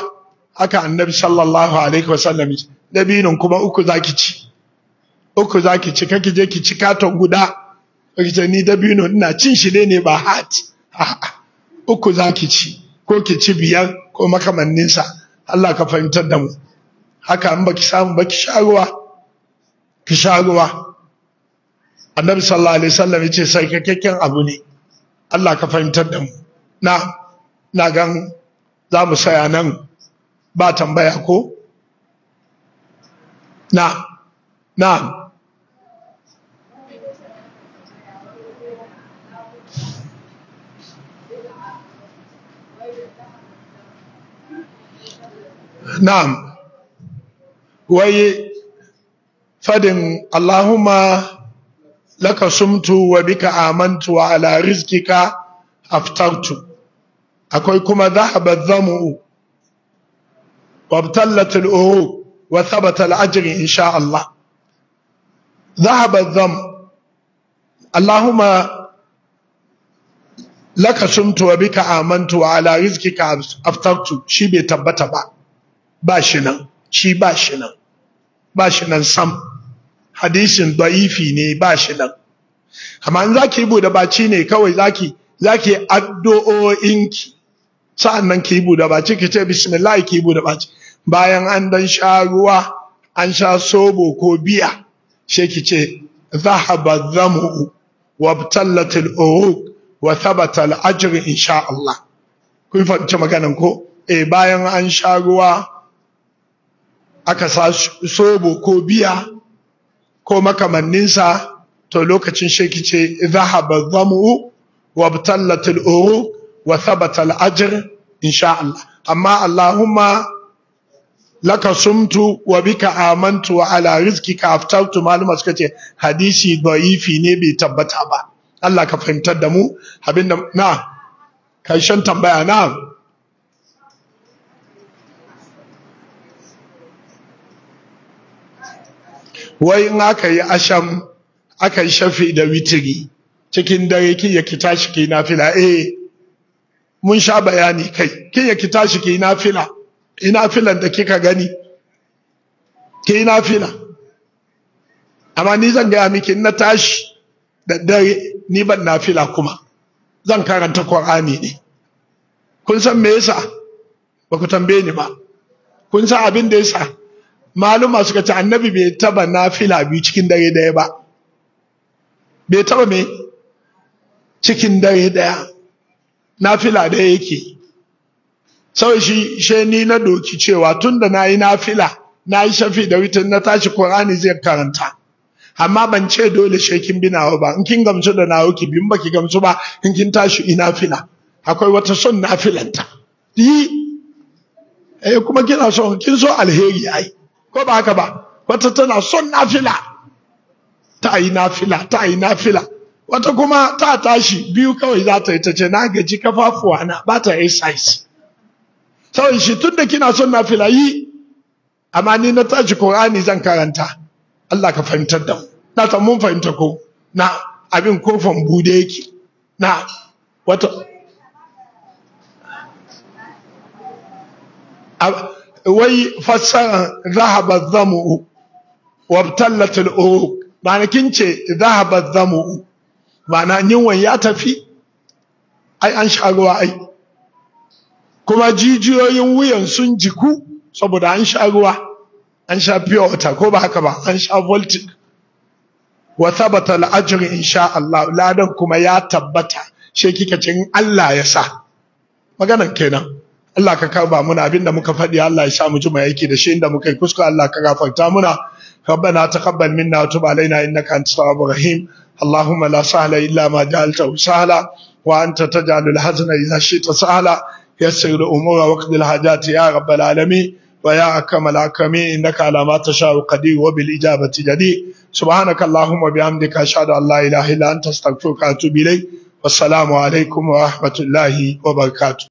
haka annabi sallallahu alaihi wasallam dabinin kuma uku zaki ci uku zaki ci kake je ki ci katon guda kake ce ni dabino ina cin shi ne ne ba hati uku zaki ci ko ki ci biyar ko makamanninsa Allah ka fahimtar da mu haka in baki samu ba ki sha ruwa ki sha ruwa annabi sallallahu alaihi wasallam yace sai kakakken abu ne Allah ka fahimtar da mu na na gan za mu saya nan ba tambaya ko na na na'am wai fadin Allahumma laka sumtu wa bika amantu wa ala rizkika aftartu akwai kuma zahaba zamu wabtallat al'uru wa thabata al'ajri insha Allah zahaba zam Allahumma laka sumtu wa bika amantu wa ala rizqika aftartu shi bai tabbata ba ba shi nan shi ba shi nan ba shi nan sam hadisin da'ifi ne ba shi nan amma in zaki bude baci ne kawai zaki zaki addu'o'inki sa'an nan ki buɗe baki ki ce bismillah ki buɗe baki bayan an dan sha ruwa an sha sobo ko biya she ki ce zahaba zamu wa al-uruq wa thabata al-ajr insha Allah kun fahimci maganan ko eh bayan an sha ruwa aka sa sobo ko biya ko makamanninsa to lokacin she ki ce zahaba zamu wa uruq wa thabata al-ajr insha Allah amma Allahumma laka sumtu wa bika amantu wa ala rizqika aftartu maluma suka ce hadisi dhaifi ne bai tabbata ba Allah ka fahimtar da mu abinda na karshen tambaya na wai in aka yi asham aka yi shafi da witiri cikin dare ki ya ki tashi ki nafila eh mun sha bayani kai kin ya ki tashi ki nafila ina filan da kika gani ki nafila amma ni zan gaya miki na tashi da dare ni ban nafila kuma zan karanta Qur'ani ne kun san me yasa ba ku tambaye ni ba kun san abin da yasa maluma suka ce annabi bai taba nafila biyu cikin dare daya ba bai taba me cikin dare daya nafila da yake sau shi she ni na doki cewa tunda nayi na yi nafila na yi shafi da witin na tashi Qur'ani zai karanta amma ban ce dole she kin bi ba in kin gamsu da nawo ki bin baki gamsu ba in kin tashi ina fila akwai wata son nafilanta yi eh kuma kina son kin so alheri ai ko ba haka ba wata tana son nafila ta yi nafila ta yi nafila wata kuma ta tashi biyu kawai za ta yi ta ce na gaji kafafuwa na ba ta exercise sau shi tun da kina son na filayi amma ni na tashi Qur'ani zan karanta Allah ka fahimtar da mu na san mun fahimta ko na abin kofan bude yake na wata wai fassara zahaba zamu wabtallatul uruk ba na kince ce zahaba zamu ma'ana yinwan ya tafi ai an sha ai kuma jijiyoyin wuyan sun jiku saboda an sha ruwa an sha pure water ko ba haka ba an sha voltic wa thabata al insha Allah ladan kuma ya tabbata she kika cin Allah ya sa maganan kenan Allah ka karba muna abinda muka faɗi Allah ya sa mu ji yake aiki da shi inda muka yi kuskure Allah ka gafarta muna ربنا تقبل منا وتب علينا انك انت التواب الرحيم اللهم لا سهل إلا ما جعلته سهلا وأنت تجعل الحزن إذا شئت سهلا يسر الأمور وقت الحاجات يا رب العالمين ويا أكرم الأكرمين إنك على ما تشاء قدير وبالإجابة جدير سبحانك اللهم وبحمدك أشهد أن لا إله إلا أنت أستغفرك وأتوب إليك والسلام عليكم ورحمة الله وبركاته